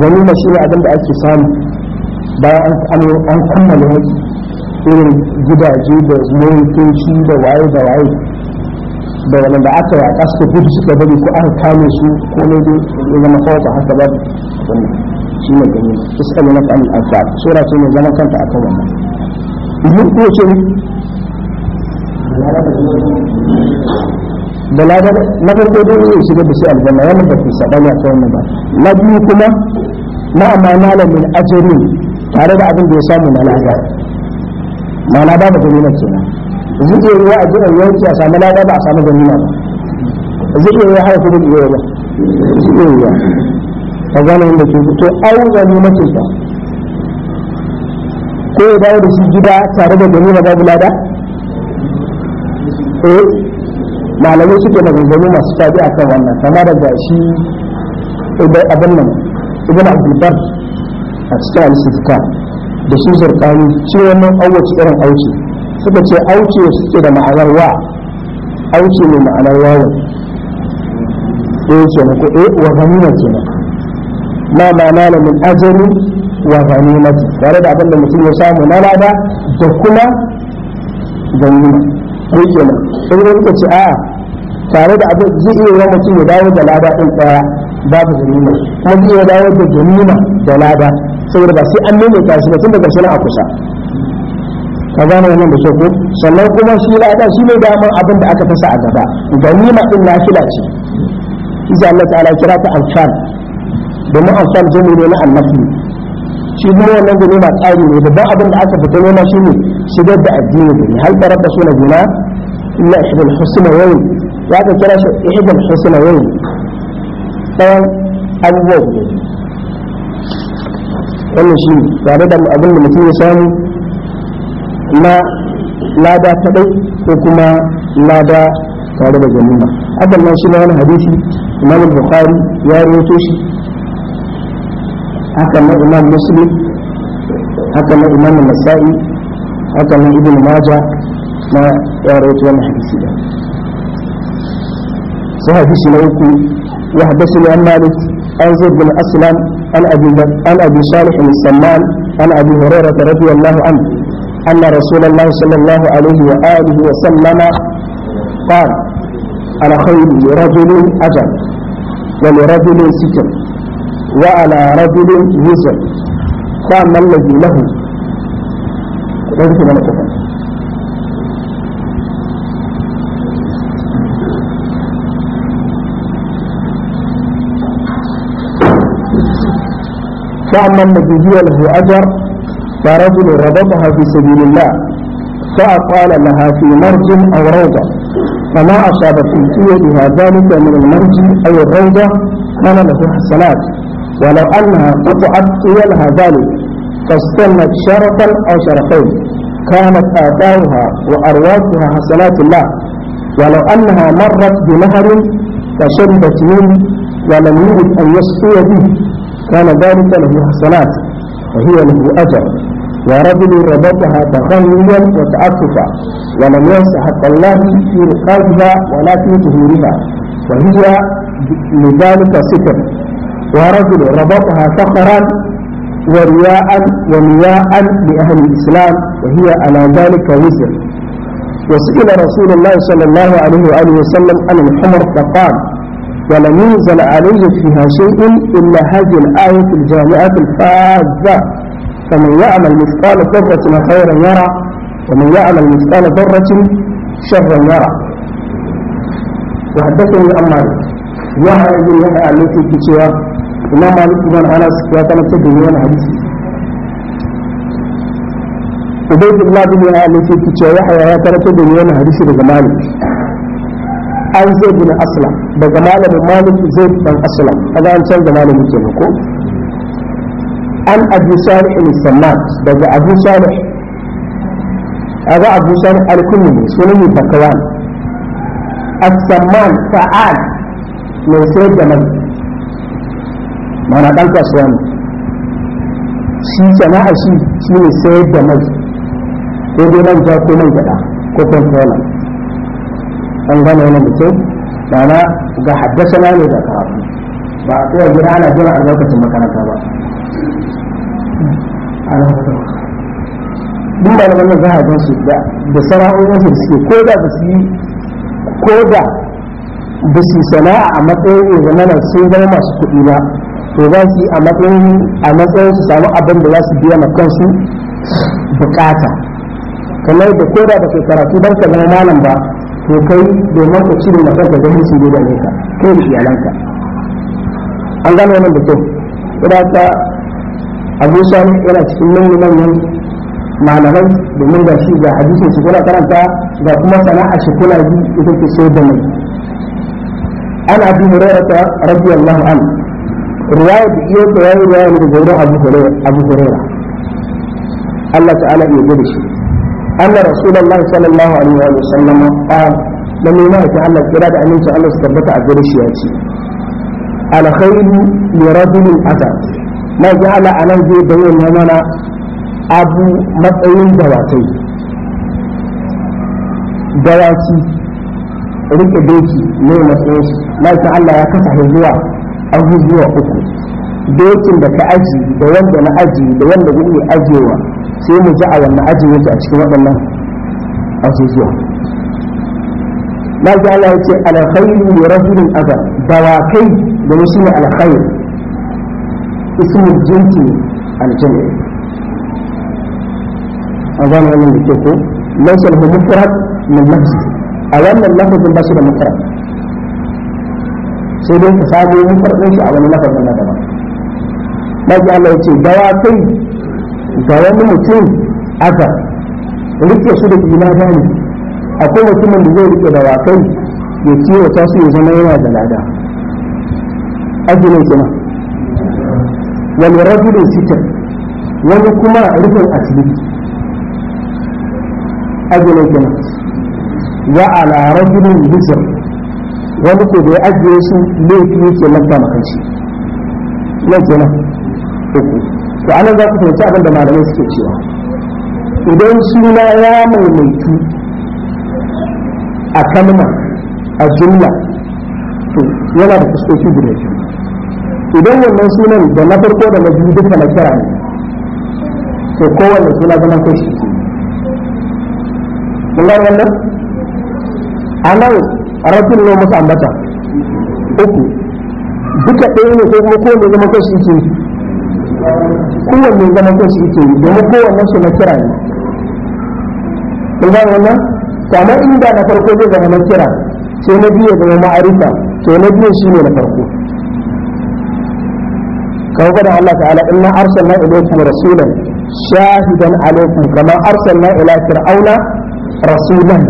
ganima shi ne abin da ake samu bayan an kammala yaki irin gidaje da motoci da waye da waye da wani da aka yi a ƙasa gudu suka bari ko aka kame su ko ne dai ya zama kawai haka ba shi ne gani iskalu na kan al'adar sura ce mai zama kanta akan wannan mun ko ce da ladar na farko dai ne shiga da sai aljanna wannan ba ku sabani akan wannan ba na biyu kuma na amana min ajrin tare da abin da ya samu na ladar ma'ana babu ganima kenan zai iya ruwa a jiran yanki a samu lada ba a samu ganima ba zai iya yiwa haka kudin iya ba zai iya yiwa a zanen da ke to au ganima mace ta ko ya dawo da shi gida tare da na babu lada eh malamai suke maganganu masu tabi a kan wannan kama daga shi abin nan ibn abdulbar a cikin alisifika da su zarkani shi wannan auwace irin auce suka ce auce suke da ma'anar wa auce ne ma'anar wawan eh kenan na eh wa ghanima kenan ma ma na min ajali wa ghanimati tare da abin da mutum ya samu na lada da kuma ganima ko kenan sai da muka ce a'a tare da abin zai iya yi mutum ya dawo da lada ɗin ɗaya babu ganima kuma zai iya dawo da ganima da lada saboda ba sai an nuna ta ba tun daga suna a kusa ka gane wannan da ko sannan kuma shi lada shi ne daman abin da aka fasa a gaba ganima ɗin nafila ce isa Allah ta'ala kira ta amfan domin amfan jami ne na annafi shi kuma wannan ganima tsari ne babban abin da aka fita nema shi ne shigar da addini ne halbarar da suna gina illa shi da husna yau za ka kira shi ihdal husnayn ɗayan abubuwa guda wannan shi tare da abin da mutum ya samu na lada kadai ko kuma lada tare da ganima hakan nan shi na wani hadisi imam bukhari ya rawaito shi hakan nan imam muslim imam nasa'i ibn majah na ya rawaito hadisi سهديش نوكو وحدثني عن مالك عن زيد بن أسلم عن أبي, عن أبي صالح السمان عن أبي هريرة رضي الله عنه أن رسول الله صلى الله عليه وآله وسلم قال على خير لرجل أجل ولرجل ستر وعلى رجل وزر فأما الذي له ذلك من الكفر فأما النبي له أجر فرجل ربطها في سبيل الله فأقال لها في مرج أو روضة فما أصاب في يدها ذلك من المرج أو الروضة كان له حسنات ولو أنها قطعت طولها ذلك فاستنت شرفا أو شرفين كانت آثارها وأرواحها حسنات الله ولو أنها مرت بنهر فشربت منه ولم يرد أن يسقي به كان ذلك له حسنات وهي له أجر ورجل ربطها تخليا وتعففا ولم ينس حق الله في رقابها ولا في ظهورها وهي لذلك سكر ورجل ربطها فخرا ورياء ونياء لأهل الإسلام وهي على ذلك وزر وسئل رسول الله صلى الله عليه وآله وسلم عن الحمر فقال ولم ينزل عليه فيها شيء إلا هذه الآية الجامعة الفاذة فمن يعمل مثقال ذرة خيرا يرى ومن يعمل مثقال ذرة شرا يرى وحدثني عن مالك يحيى بن يحيى التي كتوى إمام مالك بن أنس وكانت تدين حديثي وبيت الله بن يحيى التي كتوى يحيى وكانت تدين حديثي لمالك an zai bin aslam daga malamin malik zai dan aslam kaga an canza malamin ke ko an abu salih ibn sallam daga abu a kaga abu salih al ne sunan yi fakawan a samman fa'al mai sai da mai mana dan kasuwa ne shi sana'a shi shi ne sai da mai ko dai nan ja ko nan gada ko kwanan an gane wannan da na ga haddasa na ne da karatu ba a tsaye gida ana jira a lokacin makaranta ba duk da wannan za a gan su da sana'o'in su suke ko da ba su yi ko da ba su sana'a a matsayin ya zama sun zama masu kuɗi ba to za su yi a matsayin a matsayin su samu abin da za su biya ma kansu bukata kamar da ko da ba karatu don ka zama malam ba to kai domin ka cire ma kanka da hanci ne da ne ka kai da iyalanka an gano wannan da kyau idan ka abu sani yana cikin manyan manyan malamai domin ga shi ga hadisin su kuna karanta ga kuma sana'a shi kuna bi ita ke sayar da mai an abu abi hurairata radiyallahu an riwaya da iya ta yayi riwaya da gauran abu hurairah Allah ta'ala ya gode shi Ana rasulullahi sallallahu alaihi wa sallam qala lalle ta Allah kira da aminci Allah su tabbata a gare shi ya ce al khairu li rajulin ata ma ji Allah anan zai bayyana mana abu matsayin dawakai dawaki rike doki ne matsayin shi ma Allah ya kasa zuwa abubuwa uku dokin da ka aji da wanda na aji da wanda zai ajewa sai mu ji a wannan aji yake a cikin waɗannan ajujuwa Mazi Allah ya ce alkhairu ya rajulun azar dawakai da wasu ne alkhair ismu jinti aljanna a gane wannan da ke ko laisa hu mufrad min nafsi a wannan lafazin ba shi da mufrad sai dai ka samu mufrad din shi a wani lafazin na daban baki Allah ya ce dawakai ga wani mutum aka rike su da ila gani akwai mutumin da zai rike dawakai ya ta su ya zama yana da lada azumin kuma wani rajulin sitar wani kuma rufin cikin azumin kuma wa ala rajulin bisir wani ko da ya ajiye su laifi yake manta makan shi kenan uku to anan za ku fahimci abin da malamai suke cewa idan suna ya maimaitu a kalma a jumla to yana da fuskoki guda biyu idan wannan sunan da na farko da na biyu duka na kira ne to kowanne suna zaman kai shi ke mun gano wannan a rafin ne ambata uku duka ɗaya ne ko kuma kowanne zaman kai shi ke kowanne zama kansu yake yi domin kowanne su na kira ne kun gane wannan kama inda na farko zai zama na kira sai na biyu zama ma'arifa to na biyu shi ne na farko kawo gada Allah ta'ala inna arsalna ilaykum rasulan shahidan alaykum kama arsalna ila fir'auna rasulan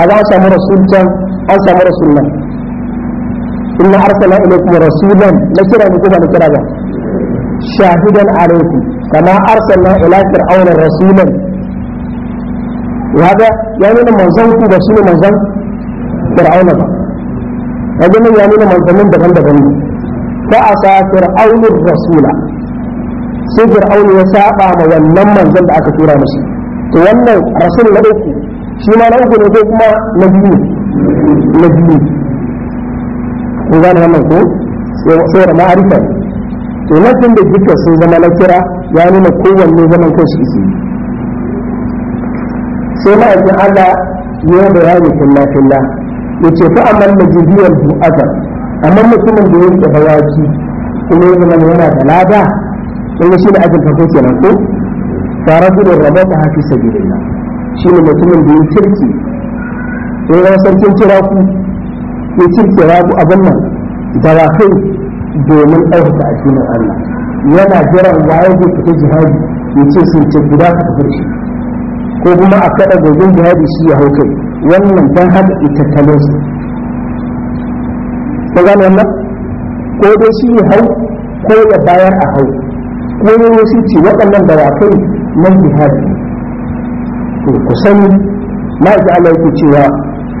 a za a samu rasul can an samu rasulan inna arsalna ilaykum rasulan na kira ne kuma na kira ba shahidan alaikum kama arsalna ila fir'auna rasulan wanda ya nuna manzon ku ba shi ne ba kaga nan ya nuna manzannin daban-daban ne fa asa fir'auna rasula sai fir'auna ya saba ma wannan manzon da aka tura mishi to wannan rasul na uku shi ma na uku ne kuma na biyu gane to lafin da dukkan sun zama na kira ya nuna kowanne zaman su isi sai na ajin Allah ya yi filla filla ya ce fa da majidiyar bu'ata amma mutumin da ya rike dawaki kuma ya zama yana da lada kuma shi ne ajin farko kenan ko faradu da rabata hafi sabilillah shi ne mutumin da ya kirki ya zama sarkin kira ku ya kirki rabu abin nan dawakai domin a cikin Allah yana jiran waye zai fita jihadi ya ce sun ce guda ka tafi shi ko kuma a kada gobin jihadi shi ya hau kai wannan dan haka ita talonsu ta gane wannan ko dai shi ya hau ko ya bayar a hau ko ne wasu ce waɗannan da kai nan jihadi to ku sani na ji Allah yake cewa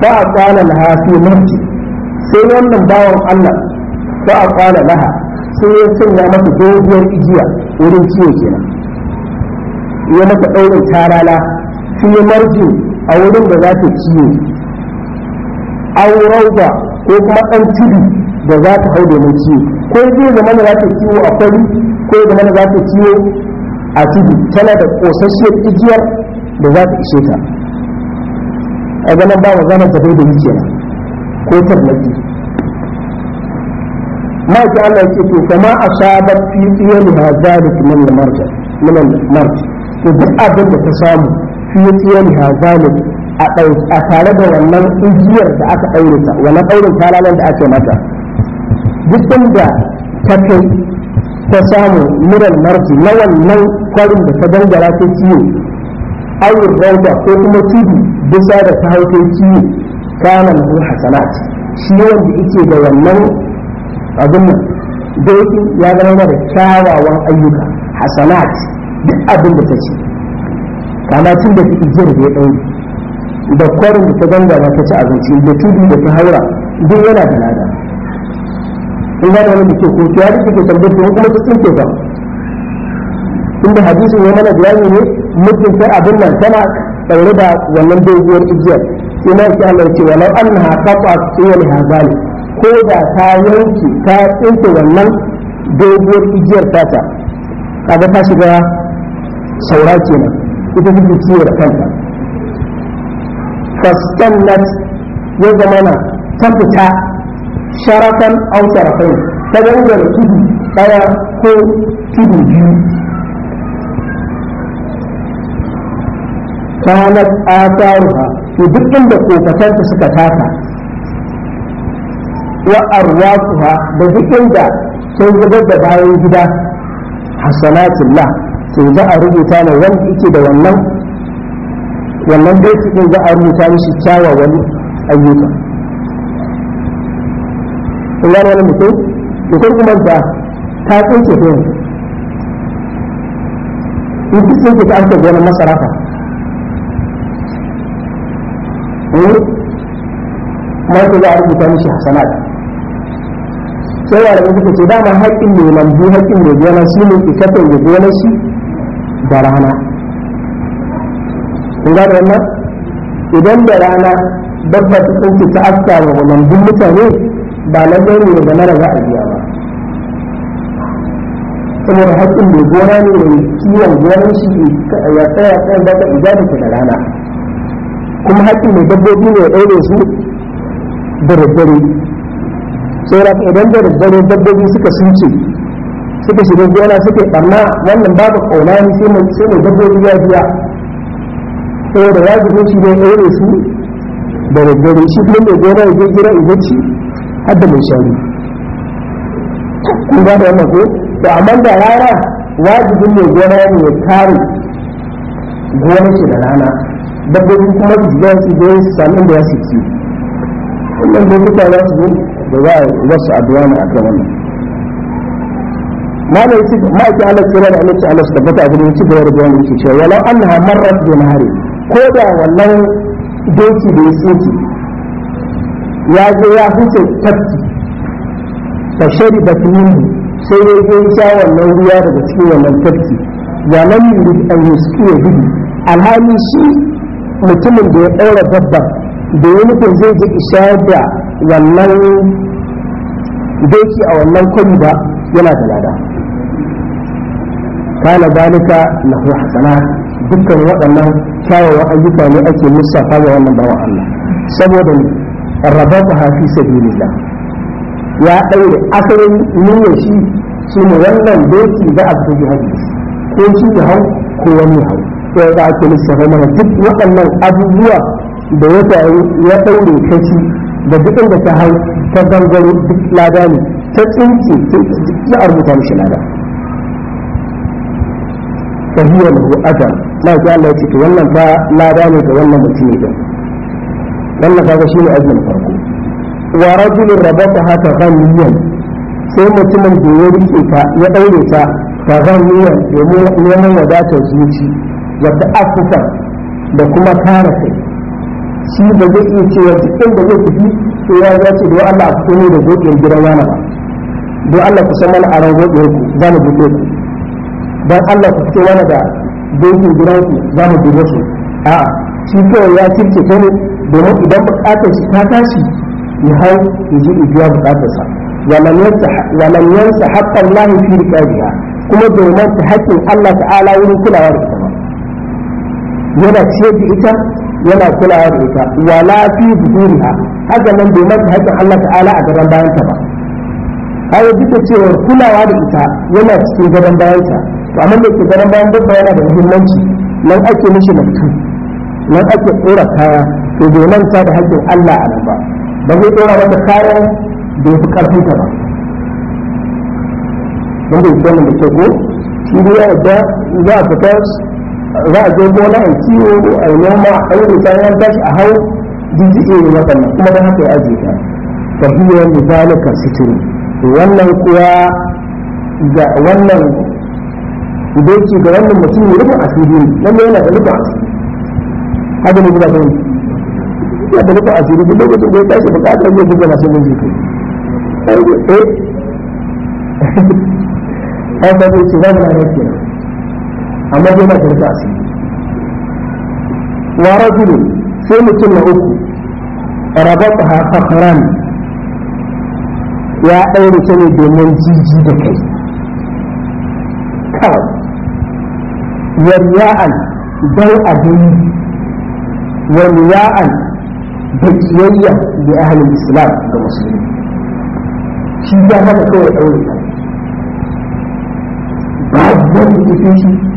ba a kwana na hafi sai wannan bawan Allah fa aqala laha sai ya sanya mata dogiyar igiya wurin ciwo kenan ya mata ɗaurin tarala fi marji a wurin da za ta ciwo aw ko kuma ɗan tudu da za ta hau domin ciwo ko zai zama da za ta ciwo a kwari ko zama da za ta ciwo a tudu tana da ƙosasshiyar igiyar da za ta ishe ta a ganin ba mu zama ta da yi kenan ko tarnaki ما شاء الله يكتب فما أصابت في طيالها ذلك من المرجع من المرجع وبدأ بنت تسامو في طيالها ذلك a tare da wannan igiyar da aka ɗaure ta wannan ɗaurin talalan da ake mata duk inda ta kai ta samu miran marji na wannan kwarin da ta gangara ta ciwo ayyar dauda ko kuma tudu bisa da ta hau ciwo kana lahu hasanat shi wanda da wannan abin nan da yake ya zama da kyawawan ayyuka hasanat duk abin da ta ci. kama tun da ijiyar da ya ɗauri da kwarin da ta gangara ta ci abinci da tudu da ta haura duk yana da lada in ga da wani mutum, ko ya da take tambayar ta kuma ta tsinke ba inda hadisin ya mana bayani ne mutum kai abin nan tana tsare da wannan doguwar ijiyar sai na ki Allah ya ce walau annaha qata'at iyalha zalik ko da ta yanke ta tsinke wannan doguwar igiyar tata kaga ta shiga saura kenan ita duk ciwo da kanta fastannat ya na ta fita sharafan aw sharafai ta dangana tudu daya ko tudu biyu kanat atharuha to duk inda ta suka taka wa arwaquha da zikin da sun zubar da bayan gida hasanatullah sai za a rubuta ne wanda yake da wannan wannan baiti din za a rubuta mishi kyawawan ayyuka in gano wani mutum mutum kuma da ta tsinke ta yanzu in duk sun fita aka gonar masara Mun hmm? ma za a rubuta mishi hasanat sai malamai suka ce dama haƙƙin mai lambu haƙƙin mai gona shi ne ke katon da gona shi da rana kun gane wannan idan da rana dabba ta tsinke ta aska wa lambun mutane ba lallai ne da mara za a biya ba saboda haƙƙin mai gona ne mai kiwon gonar shi ya tsaya tsayin daga ijalinta da rana kuma haƙƙin mai dabbobi ne ya ɗaure su da daddare saura idan da daddare dabbobi suka sunce suka shiga gona suke yi wannan babu ƙauna ne sai mai dabbobi ya biya da ya gudun shi da ne ɗaure su da daddare shi kuma mai gona ya je gida ya ci har da mai shari kun ba da wannan ko to amma da rana wajibin mai gona ne ya kare gonar shi da rana dabbobi kuma su je su je su sami da ya su ci wannan lokuta za su zo da za a wasu addu'a ne a mana yace ma'aikin Allah tsira da Allah Allah su tabbata abin da cigaba da bayani yake Wala annaha marrat bi nahari ko da wannan doki da ya tsinki ya je ya huce tafki ta sharibat minhu sai ya je ya wannan ruwa daga cikin wannan tafki ya lam yurid an yuskiya bihi alhali shi mutumin da ya daura dabba da ya zai je isha da wannan doki a wannan kwari ba yana da lada kana zalika kuma hasana dukkan waɗannan kyawawan ayyuka ne ake lissafa ga wannan bawan Allah saboda ta hafi da ya ɗaure asalin niyyar shi shi ne wannan doki da a tafi hajji ko shi ne hau ko wani hau ko ya ake lissafa mana duk waɗannan abubuwa da ya ɗaure kashi da duk da ta hau ta gangaro duk lada ne ta tsince ta arbuta mishi lada da hu lahu ajr la ya Allah ce to wannan ba lada ne ga wannan mutum ne wannan kaga ne ajin farko wa rajulun rabata hata ghaniyan sai mutumin da ya rike ta ya daure ta ta ghaniyan domin neman wadatar zuci wa ta'affufa da kuma kare kai shi ba zai iya cewa duk da zai tafi to ya ga ce don Allah ku ne da gobiyar gidan yana ba don Allah ku san mana a ran gobiyar ku za mu buɗe ku don Allah ku fito mana da dokin gidan ku za mu buɗe su a shi kawai ya circe ta ne domin idan buƙatar shi ta tashi ya hau ya ji ibiya sa. walam yansa haƙƙan lahi fi riƙariya kuma domin ta haƙƙin Allah ta'ala wurin kulawar ita ba yana ciyar da ita yana kulawa da ita wala fi buduriha haka nan bai mata haka Allah ta'ala a gaban bayanta ba ai duka cewa kulawa da ita yana cikin gaban bayanta to amma da ke gaban bayan yana da muhimmanci nan ake mishi mutu nan ake tsora kaya to bai manta da haƙƙin Allah a nan ba ba zai tsora mata kaya da ya karfin ta ba don da tsora da ke go shi da za a fita za a je gona a kiwo a yi noma a yi yan tashi a hau jijjiƙe ne waɗannan kuma da haka ya ajiye ta fa hiya li kan sitiri wannan kuwa ga wannan doki ga wannan mutum ne rufin asiri ne nan yana da asiri haka ne gudanar ban yana da asiri duk lokacin da ya tashi bukatar zai buga masu mun jiki eh (laughs) na amma dai ta karfi asiri wa rajulu sai mutum na uku rabata fakhran ya aure ta ne domin jiji da kai kawai wariya'an dau abin ya'an da kiyayya da ahalin islam da musulmi shi ya haka kawai ɗaure ta ba wani cikin shi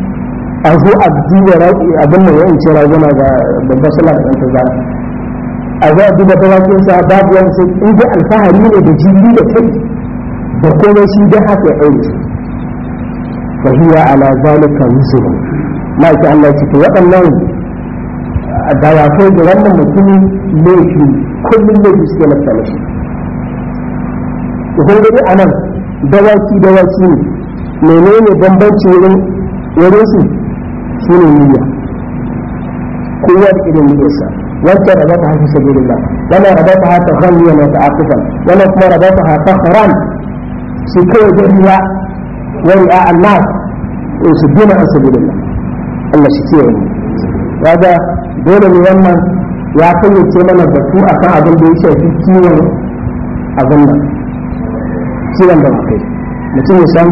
a zo a duba abin da ya ce raguna ga babbar sallah da ta zara a zo a duba raƙin sa babu wani sai in dai alfahari ne da jiri da kai da kuma shi da haka ya aure su fa hiya ala zalika musul ma ki Allah ya ce waɗannan dawakai da wannan mutumin laifi kullum laifi suke na tsalashi kun gani a nan dawaki dawaki ne menene bambanci wurin wurin su su ne niyya kowa da irin niyyarsa wancan rabata wani sabilillah ta rabata ha taghanniyan wa ta'aqufan wani kuma rabata ha fakhran su kai da riya wa ri'a in su dina an sabilillah Allah shi ke yi kaga dole ne wannan ya ce mana batu akan abin da ya shafi kiwon abin nan kiwon da kai mutum ya san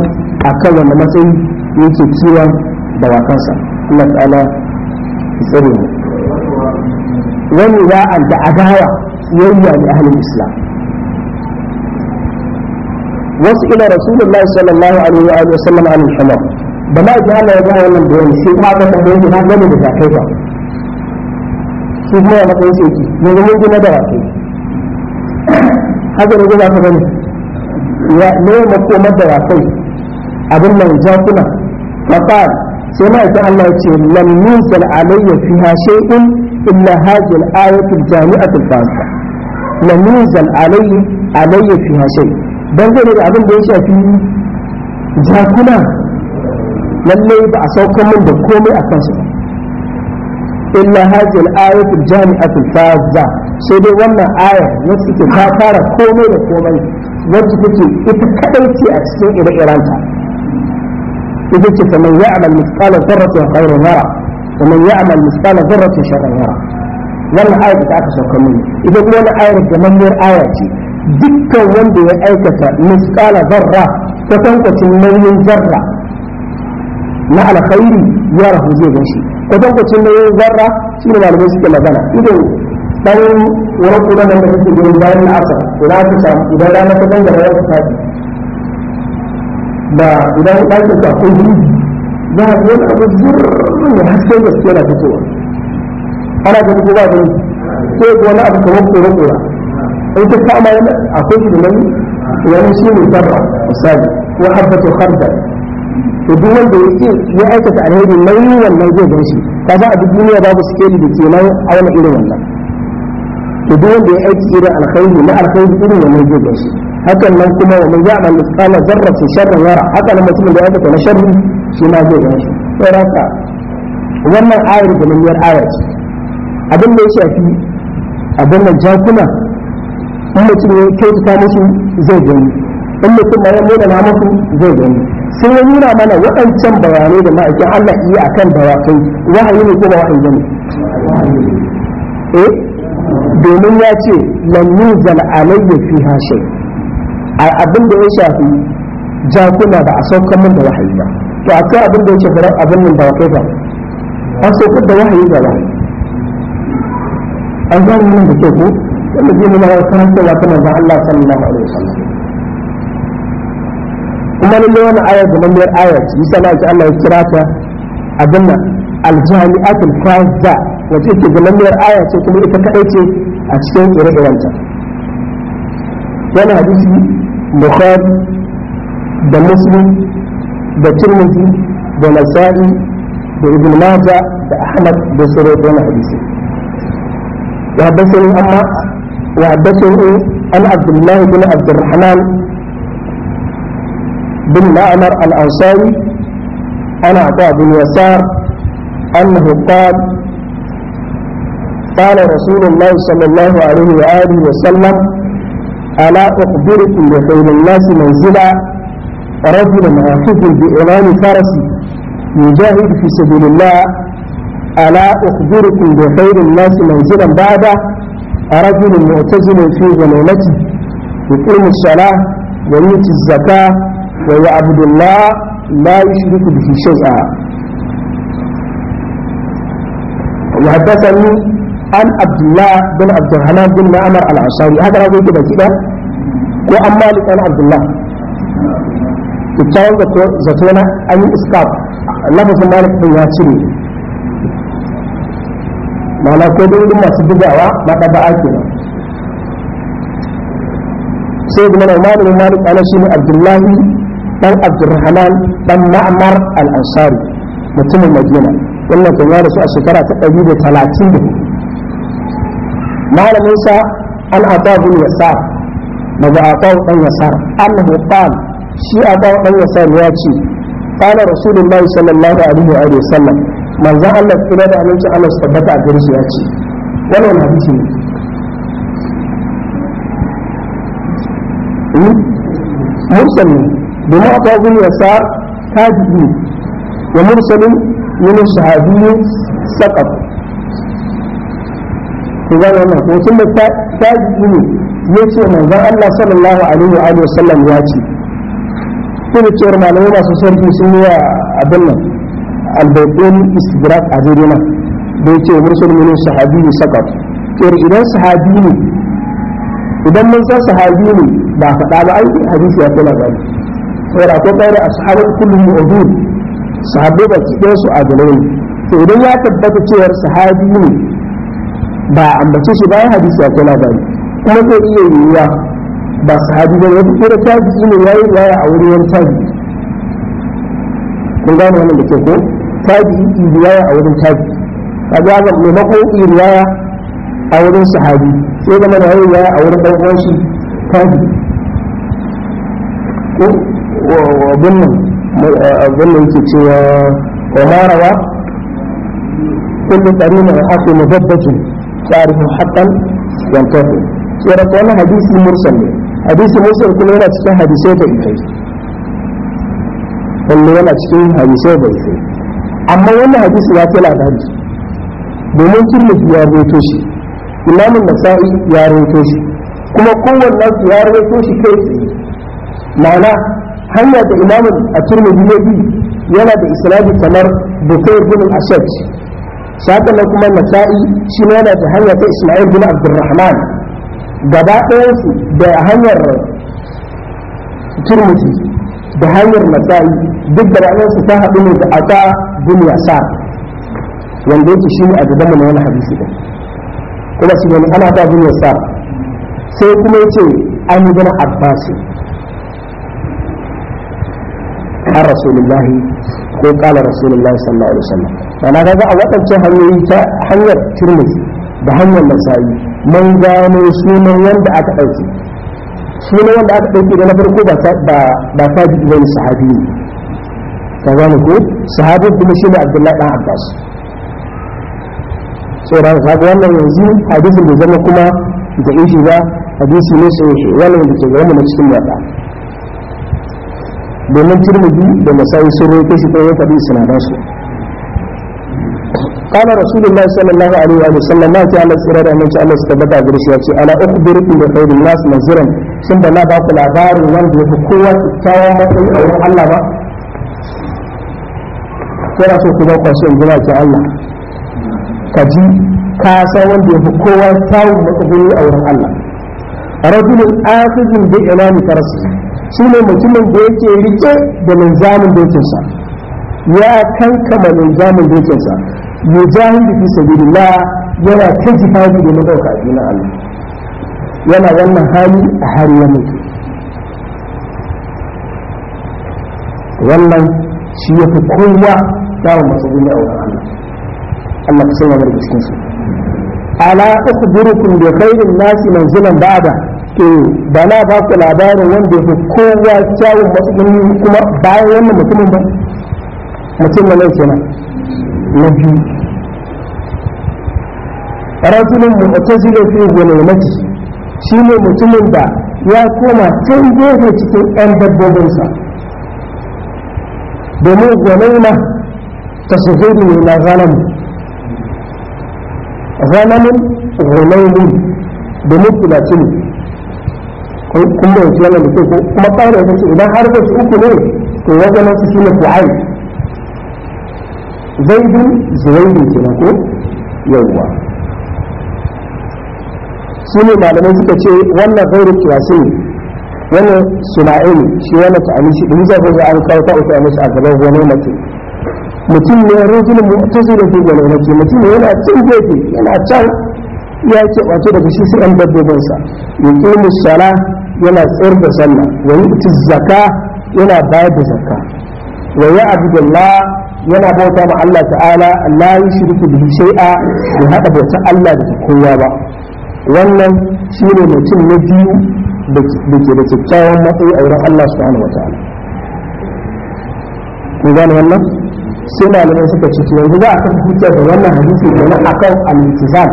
akan wanda matsayi yake kiwon dawakansa Allah ta'ala ya tsare mu wani wa'an da adawa yayya ne ahlul islam wasu ila rasulullahi sallallahu alaihi wa sallam an al-hamam da ma ji Allah ya ga wannan wani sai kuma da tambaye na gane da kai ba su kuma ya matsayin sai ki ne ga na da wakai haka ne za ka gani ya ne makomar da wakai abin nan jakuna faqal sai ma'aikin Allah ya ce lam nusal alayya fiha shay'un illa hadhihi al-ayatu al-jami'atu al-fasiha lam nusal alayhi alayya fiha shay dangane da abin da ya shafi jakuna lalle ba a saukar min da komai a kansu ba illa hadhihi al-ayatu al-jami'atu al-fasiha sai dai wannan aya wacce take ta fara komai da komai wacce take ita kadai ce a cikin ire-irenta يقول فمن يعمل مثقال ذرة خير يرى ومن يعمل مثقال ذرة شر يرى wannan ayar da aka sauka mini idan wani ayar da mammiyar aya ce dukkan wanda ya aikata misqala zarra ta tankwacin nauyin zarra na alkhairi ya rahu zai gan shi ta tankwacin nauyin zarra shi ne malamai suke magana idan dan wurin kudan da kake gurin bayan na asar idan aka samu idan rana ta dangana ya ta ba guda ɗakin sa akwai jini za a wani abu zurrin ya haske gaske yana fitowa ana ga ko ba gani sai ga wani abu kamar kora-kora in ta kama yana akwai shi da nan wani shi ne sabra misali ko habbatu kharda to duk wanda ya ya aikata alheri nauyi wannan zai gan shi ka za a duk duniya babu sikeli da ke nan auna irin wannan to duk wanda ya aiki irin alkhairi na alkhairi irin wannan zai gan shi hakan nan kuma wa man ya'mal mithqala dharratin sharran yara hakan nan mutumin da ya aikata na sharri shi ma zai gan shi saboda wannan ayar da mummiyar ayar ce abin da ya shafi abin da jakuna in mutum ya kyautata musu zai gani in mutum ma ya nuna musu zai gani Sun ya nuna mana waɗancan bayanai da ma'aikin Allah iya akan dawakai wahayi ne ko ba wahayi gani. eh domin ya ce lam yuzal fi fiha shay' a abin da ya shafi jakuna ba a saukan min da wahayi ba to a kai abin da ya shafi abin nan da kai ba an saukar da wahayi ba ba an gane nan da kyau ko wanda zai nuna wa karantarwa ta manzan Allah sallallahu alaihi wasallam kuma da wani ayar da lallai ayar yi sana ki Allah ya kira ta abin nan aljami'atul kaza wace ke ga lallai ayar ce kuma ita kadai ce a cikin ire-irenta wani hadisi bukhari da muslim da tirmidhi da nasa'i da ibn maja da ahmad da sauran wani hadisi ya haddasa amma wa haddasa an abdullahi bin abdurrahman بن معمر الأنصاري عن عطاء بن يسار أنه قال قال رسول الله صلى الله عليه وآله وسلم ألا أخبركم بخير الناس منزلا رجل معكف بإمام فرسي يجاهد في سبيل الله ألا أخبركم بخير الناس منزلا بعد رجل معتزل في غنيمته يقيم الصلاة ويؤتي الزكاة ويعبد الله لا يشرك به شيئا وحدثني an abdullah bin abdurrahman bin ma'amar al-ansari haka na zai baki da ko an malik an abdullah kyakkyawan zato zato na an yi iskaf lafazin malik din ya cire ma'ana ko dai masu bugawa na ɗaba ake nan sai zama na malamin malik ana shi ne abdullahi dan abdurrahman dan ma'amar al-ansari mutumin madina wannan kan yara su a shekara ta ɗari da talatin da malamin sa an ata bin yasar daga ata dan An annahu qala shi ata dan yasar ya ce qala rasulullahi sallallahu alaihi wa sallam manzo Allah kira da aminci Allah su tabbata a gare shi ya ce wannan hadisi ne hmm? mursali ne domin ata bin yasar tabi'i wa mursalin min sahabiyyin saqat ku gane wannan ko tun da tabi'i ne ya ce manzon Allah sallallahu alaihi wa alihi wasallam ya ce kuma cewar malamai masu sarki sun yi abin nan albaikon istidrak a zirina da ya ce mursul minin sahabi ne sakat cewar idan sahabi ne idan mun san sahabi ne ba faɗa ba ai hadisi ya ba labari saboda akwai ƙaira da sahabar kullum mu'udud sahabbai ba ki ɗaya su adalai to idan ya tabbata cewar sahabi ne ba a ambace shi bayan hadisi akwai labari kuma zai iya yiwuwa ba sahabi ba wata kira tabi'i ne yayi waya a wurin wani tabi'i kun gane wannan da ke ko tabi'i riwaya a wurin tabi'i kaga ga maimakon riwaya a wurin sahabi sai zama da yayi riwaya a wurin dan uwan shi tabi'i ko abin nan abin nan yake cewa wa marawa kullu qarina hasu mudabbatu تعرف حقا ينتهي سورة كان حديث مرسل حديث مرسل كل يوم تشتهى حديثة إيجاز كل يوم تشتهى حديثة إيجاز أما وانا حديث لا تلا بحديث بممكن يجياري توشي إمام النسائي ياري توشي كما قوة الناس ياري توشي كيف معنى هيا دا إمام الترمذي يلا بإسلام كمر بطير بن الأشج sabon na kuma nasa'i shi ne da hanyar ta ismail bin abdurrahman gaba ɗayansu da hanyar turmuti da hanyar nasa'i duk da ɗayansu ta haɗu ne da aka duniya sa wanda yake shi ne a gaban na wani hadisi ɗin kuma shi ne ana ta duniya sa sai kuma yace an gina abbasi har rasulullahi ko kala rasulullahi sallallahu alaihi wasallam mana kaga a waɗancan hanyoyi ta hanyar tirmidhi da hanyar nasa'i mun gano sunan wanda aka ɗauke sunan wanda aka ɗauke da na farko ba ba ba bi ibn sahabi ne ka gano ko sahabi kuma shine abdullahi dan abbas sauran sahabi wannan yanzu hadisin da zama kuma da inji ba hadisi ne sai wannan da ke gaba na cikin wadda. domin turmudi da masayi sun roƙe shi ɗaya faɗi ba su قال رسول الله صلى الله عليه وآله وسلم ما جاء الله سيرا من جاء الله استبدأ برشياتي ألا أخبركم بخير الناس منزلا ثم لا باق العبار وانت بقوة كاوة مطيئة الله با kira so ku ku su yanzu ki Allah ka ji ka san wanda yafi kowa kyawun matsuguni a wurin Allah rajulun akhizun bi ilani farasi shi ne mutumin da yake rike da linzamin dokinsa ya kankama linzamin dokinsa mujahidu fi la yana ta jihadi da madauka addinin Allah yana wannan hali a har yana ke wannan shi ya fi kowa dawo masu duniya wurin Allah Allah ka sanya mana cikin su ala ukhbirukum da khairin nasi manzilan ba'ada to ba na ba ku labarin wanda ya fi kowa kyawun matsugunni kuma bayan wannan mutumin ba mutum na nan kenan na biyu rajulun mu ta zira fi gwanaimati shi ne mutumin da ya koma can gefe cikin ɗan dabbobinsa domin ma ta suhuri ne na zalamu zalamun ne domin kulaci ne kun da wasu wannan da kuma ƙarar da su idan har da uku ne to ya zama su shine fu'ai zaidun zuwaidun kenan ko yawwa su ne malamai suka ce wannan gairu kirasi ne wannan suna'in shi wannan ta'ani shi ɗin zai zai an kawo ta uku a a gaban gonar mace mutum ne rajin mu'tazi da ke gonar mace mutum ne yana cin gefe yana can ya ce wato daga shi su ɗan dabbobinsa yana tsayar da sallah wa yi zakka yana bayar da zaka wa da la yana bauta ma Allah ta'ala la da bihi shay'a ya hada bauta Allah da kowa ba wannan shine mutum na biyu da ke da kyakkyawan matsayi a wurin Allah subhanahu wataala ku gane wannan sai malamai suka ce yanzu za a kan hujja da wannan hadisi na akan al-iltizam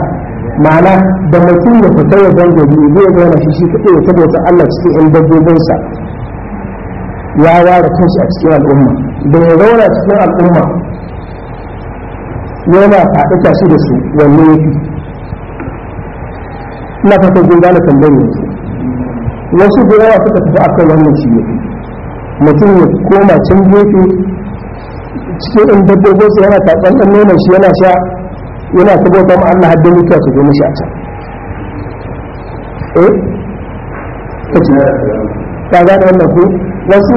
ma'ana da mutum ya fita ya bango biyu zai gona shi shi kaɗai ya ta Allah cikin ɗan dabbobinsa ya ware kanshi a cikin al'umma da ya zauna cikin al'umma yana faɗi tashi da su wanne ya fi ina fata kun gane tambayar yanzu wasu da yawa suka tafi akan wannan shi ne mutum ya koma can gefe cikin ɗan dabbobinsa yana taɓan ɗan nonon shi yana sha yana ta bauta ma Allah haddin mutuwa su zo mishi a can eh ce ta gane wannan ku wasu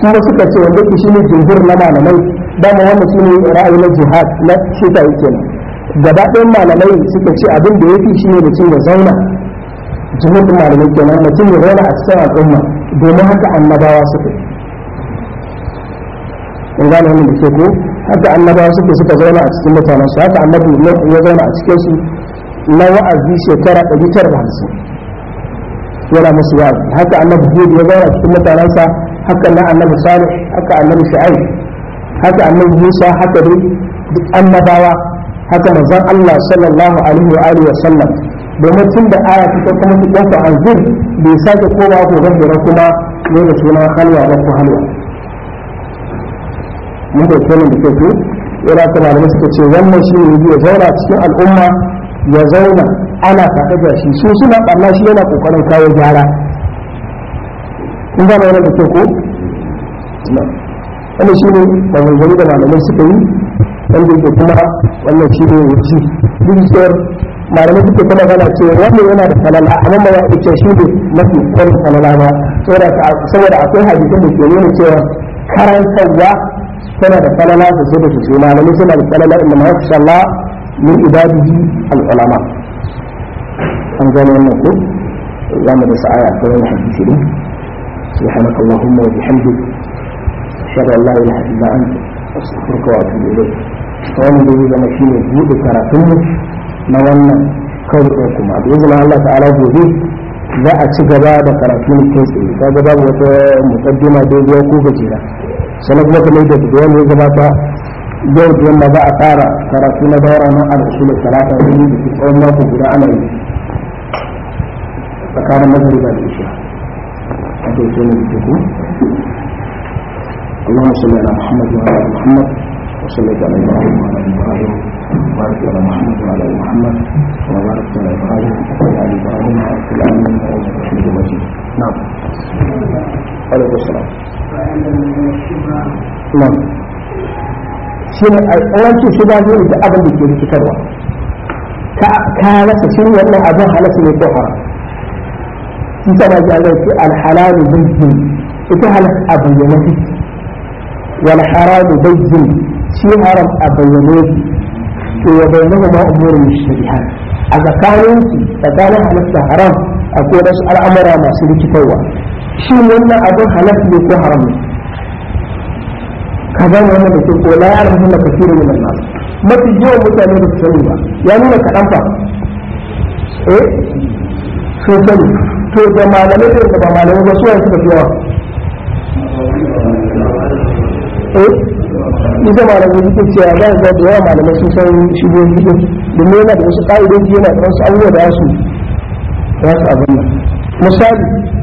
kuma suka ce wanda ke shine jumhur na malamai dama wannan shine ra'ayi na jihad na shita yake nan gaba ɗayan malamai suka ce abin da yafi shine cin da zauna jumhur malamai kenan mutum ya zauna a cikin al'umma domin haka annabawa suka yi. Kun gane wannan ke ko haka annabawa suke suka zauna a cikin mutanen su haka annabi ya zauna a cikin su na wa'azi shekara 950 yana musu wa'azi haka annabi hud ya zauna a cikin mutanensa haka na annabi salih haka annabi shu'aib haka annabi musa haka dai duk annabawa haka manzon Allah sallallahu alaihi wa alihi wa sallam domin tun da aya ta kuma ta an anzir bai sake kowa ko zan kuma ne da sunan halwa ko halwa mun da ke da ke ira ta malamai suka ce wannan shi ne ya zauna cikin al'umma ya zauna ana kaɗa da shi su suna ɓarna shi yana ƙoƙarin kawo gyara kun gane wannan da ke ko wannan shi ne maganganu da malamai suka yi wanda yake kuma wannan shi ne ya ci dukkan malamai suke kuma gana ce wannan yana da falala amma ba ya ce shi ne mafi kwan falala ba saboda akwai hadisin da ke nuna cewa karantarwa سنة الثلالة في سنة الثلالة لمن سنة الثلالة إنما يخشى الله من عباده العلماء أنزل النقود زمن بس آيات كلنا حديث لي سبحانك اللهم وبحمدك أشهد أن لا إله إلا أنت أستغفرك وأتوب إليك وأنا بيجي أنا في مجيء بكرة ثم نوانا كوركم بإذن الله تعالى بوجود za a ci gaba da karatu ne kai tsaye ta gaba wata mukaddima doguwa ko gajera sannan kuma kamar da bayan gaba ta yau da yamma za a fara karatu na daura na al'usulul talata wani da ke tsawon mako guda ana yi tsakanin mazari ba da isha a dauke ne da ku اللهم صل على محمد وعلى ال محمد وصلى على ابراهيم وعلى ال Ibrahim وبارك على محمد وعلى ال محمد وبارك على ابراهيم وعلى ال ابراهيم في العالمين انك حميد مجيد نعم عليكم السلام نعم shine ranci shiga ne da abin da ke rikitarwa ka rasa shi wannan abin halatta ne ko haram shi ta ji Allah ce alhalalu bayyin ita halal a bayyane wal haramu bayyin shi haram a bayyane to wa bainahuma umurun mushtabihat a tsakanin su tsakanin halatta haram akwai wasu al'amura masu rikitarwa shi wannan abin halatta ne ko haram ne ka gane wannan da ke ko la ya'lamu na kafiru min an-nas mafi yawan mutane da su sani ba ya nuna kaɗan fa eh sun sani to da malamai da ba malamai ba su wani suka fi yawa eh ita malamai suke cewa za ga da yawa malamai sun san shigo biyu domin yana da wasu ƙa'idoji yana da wasu abubuwa da su za su abin nan misali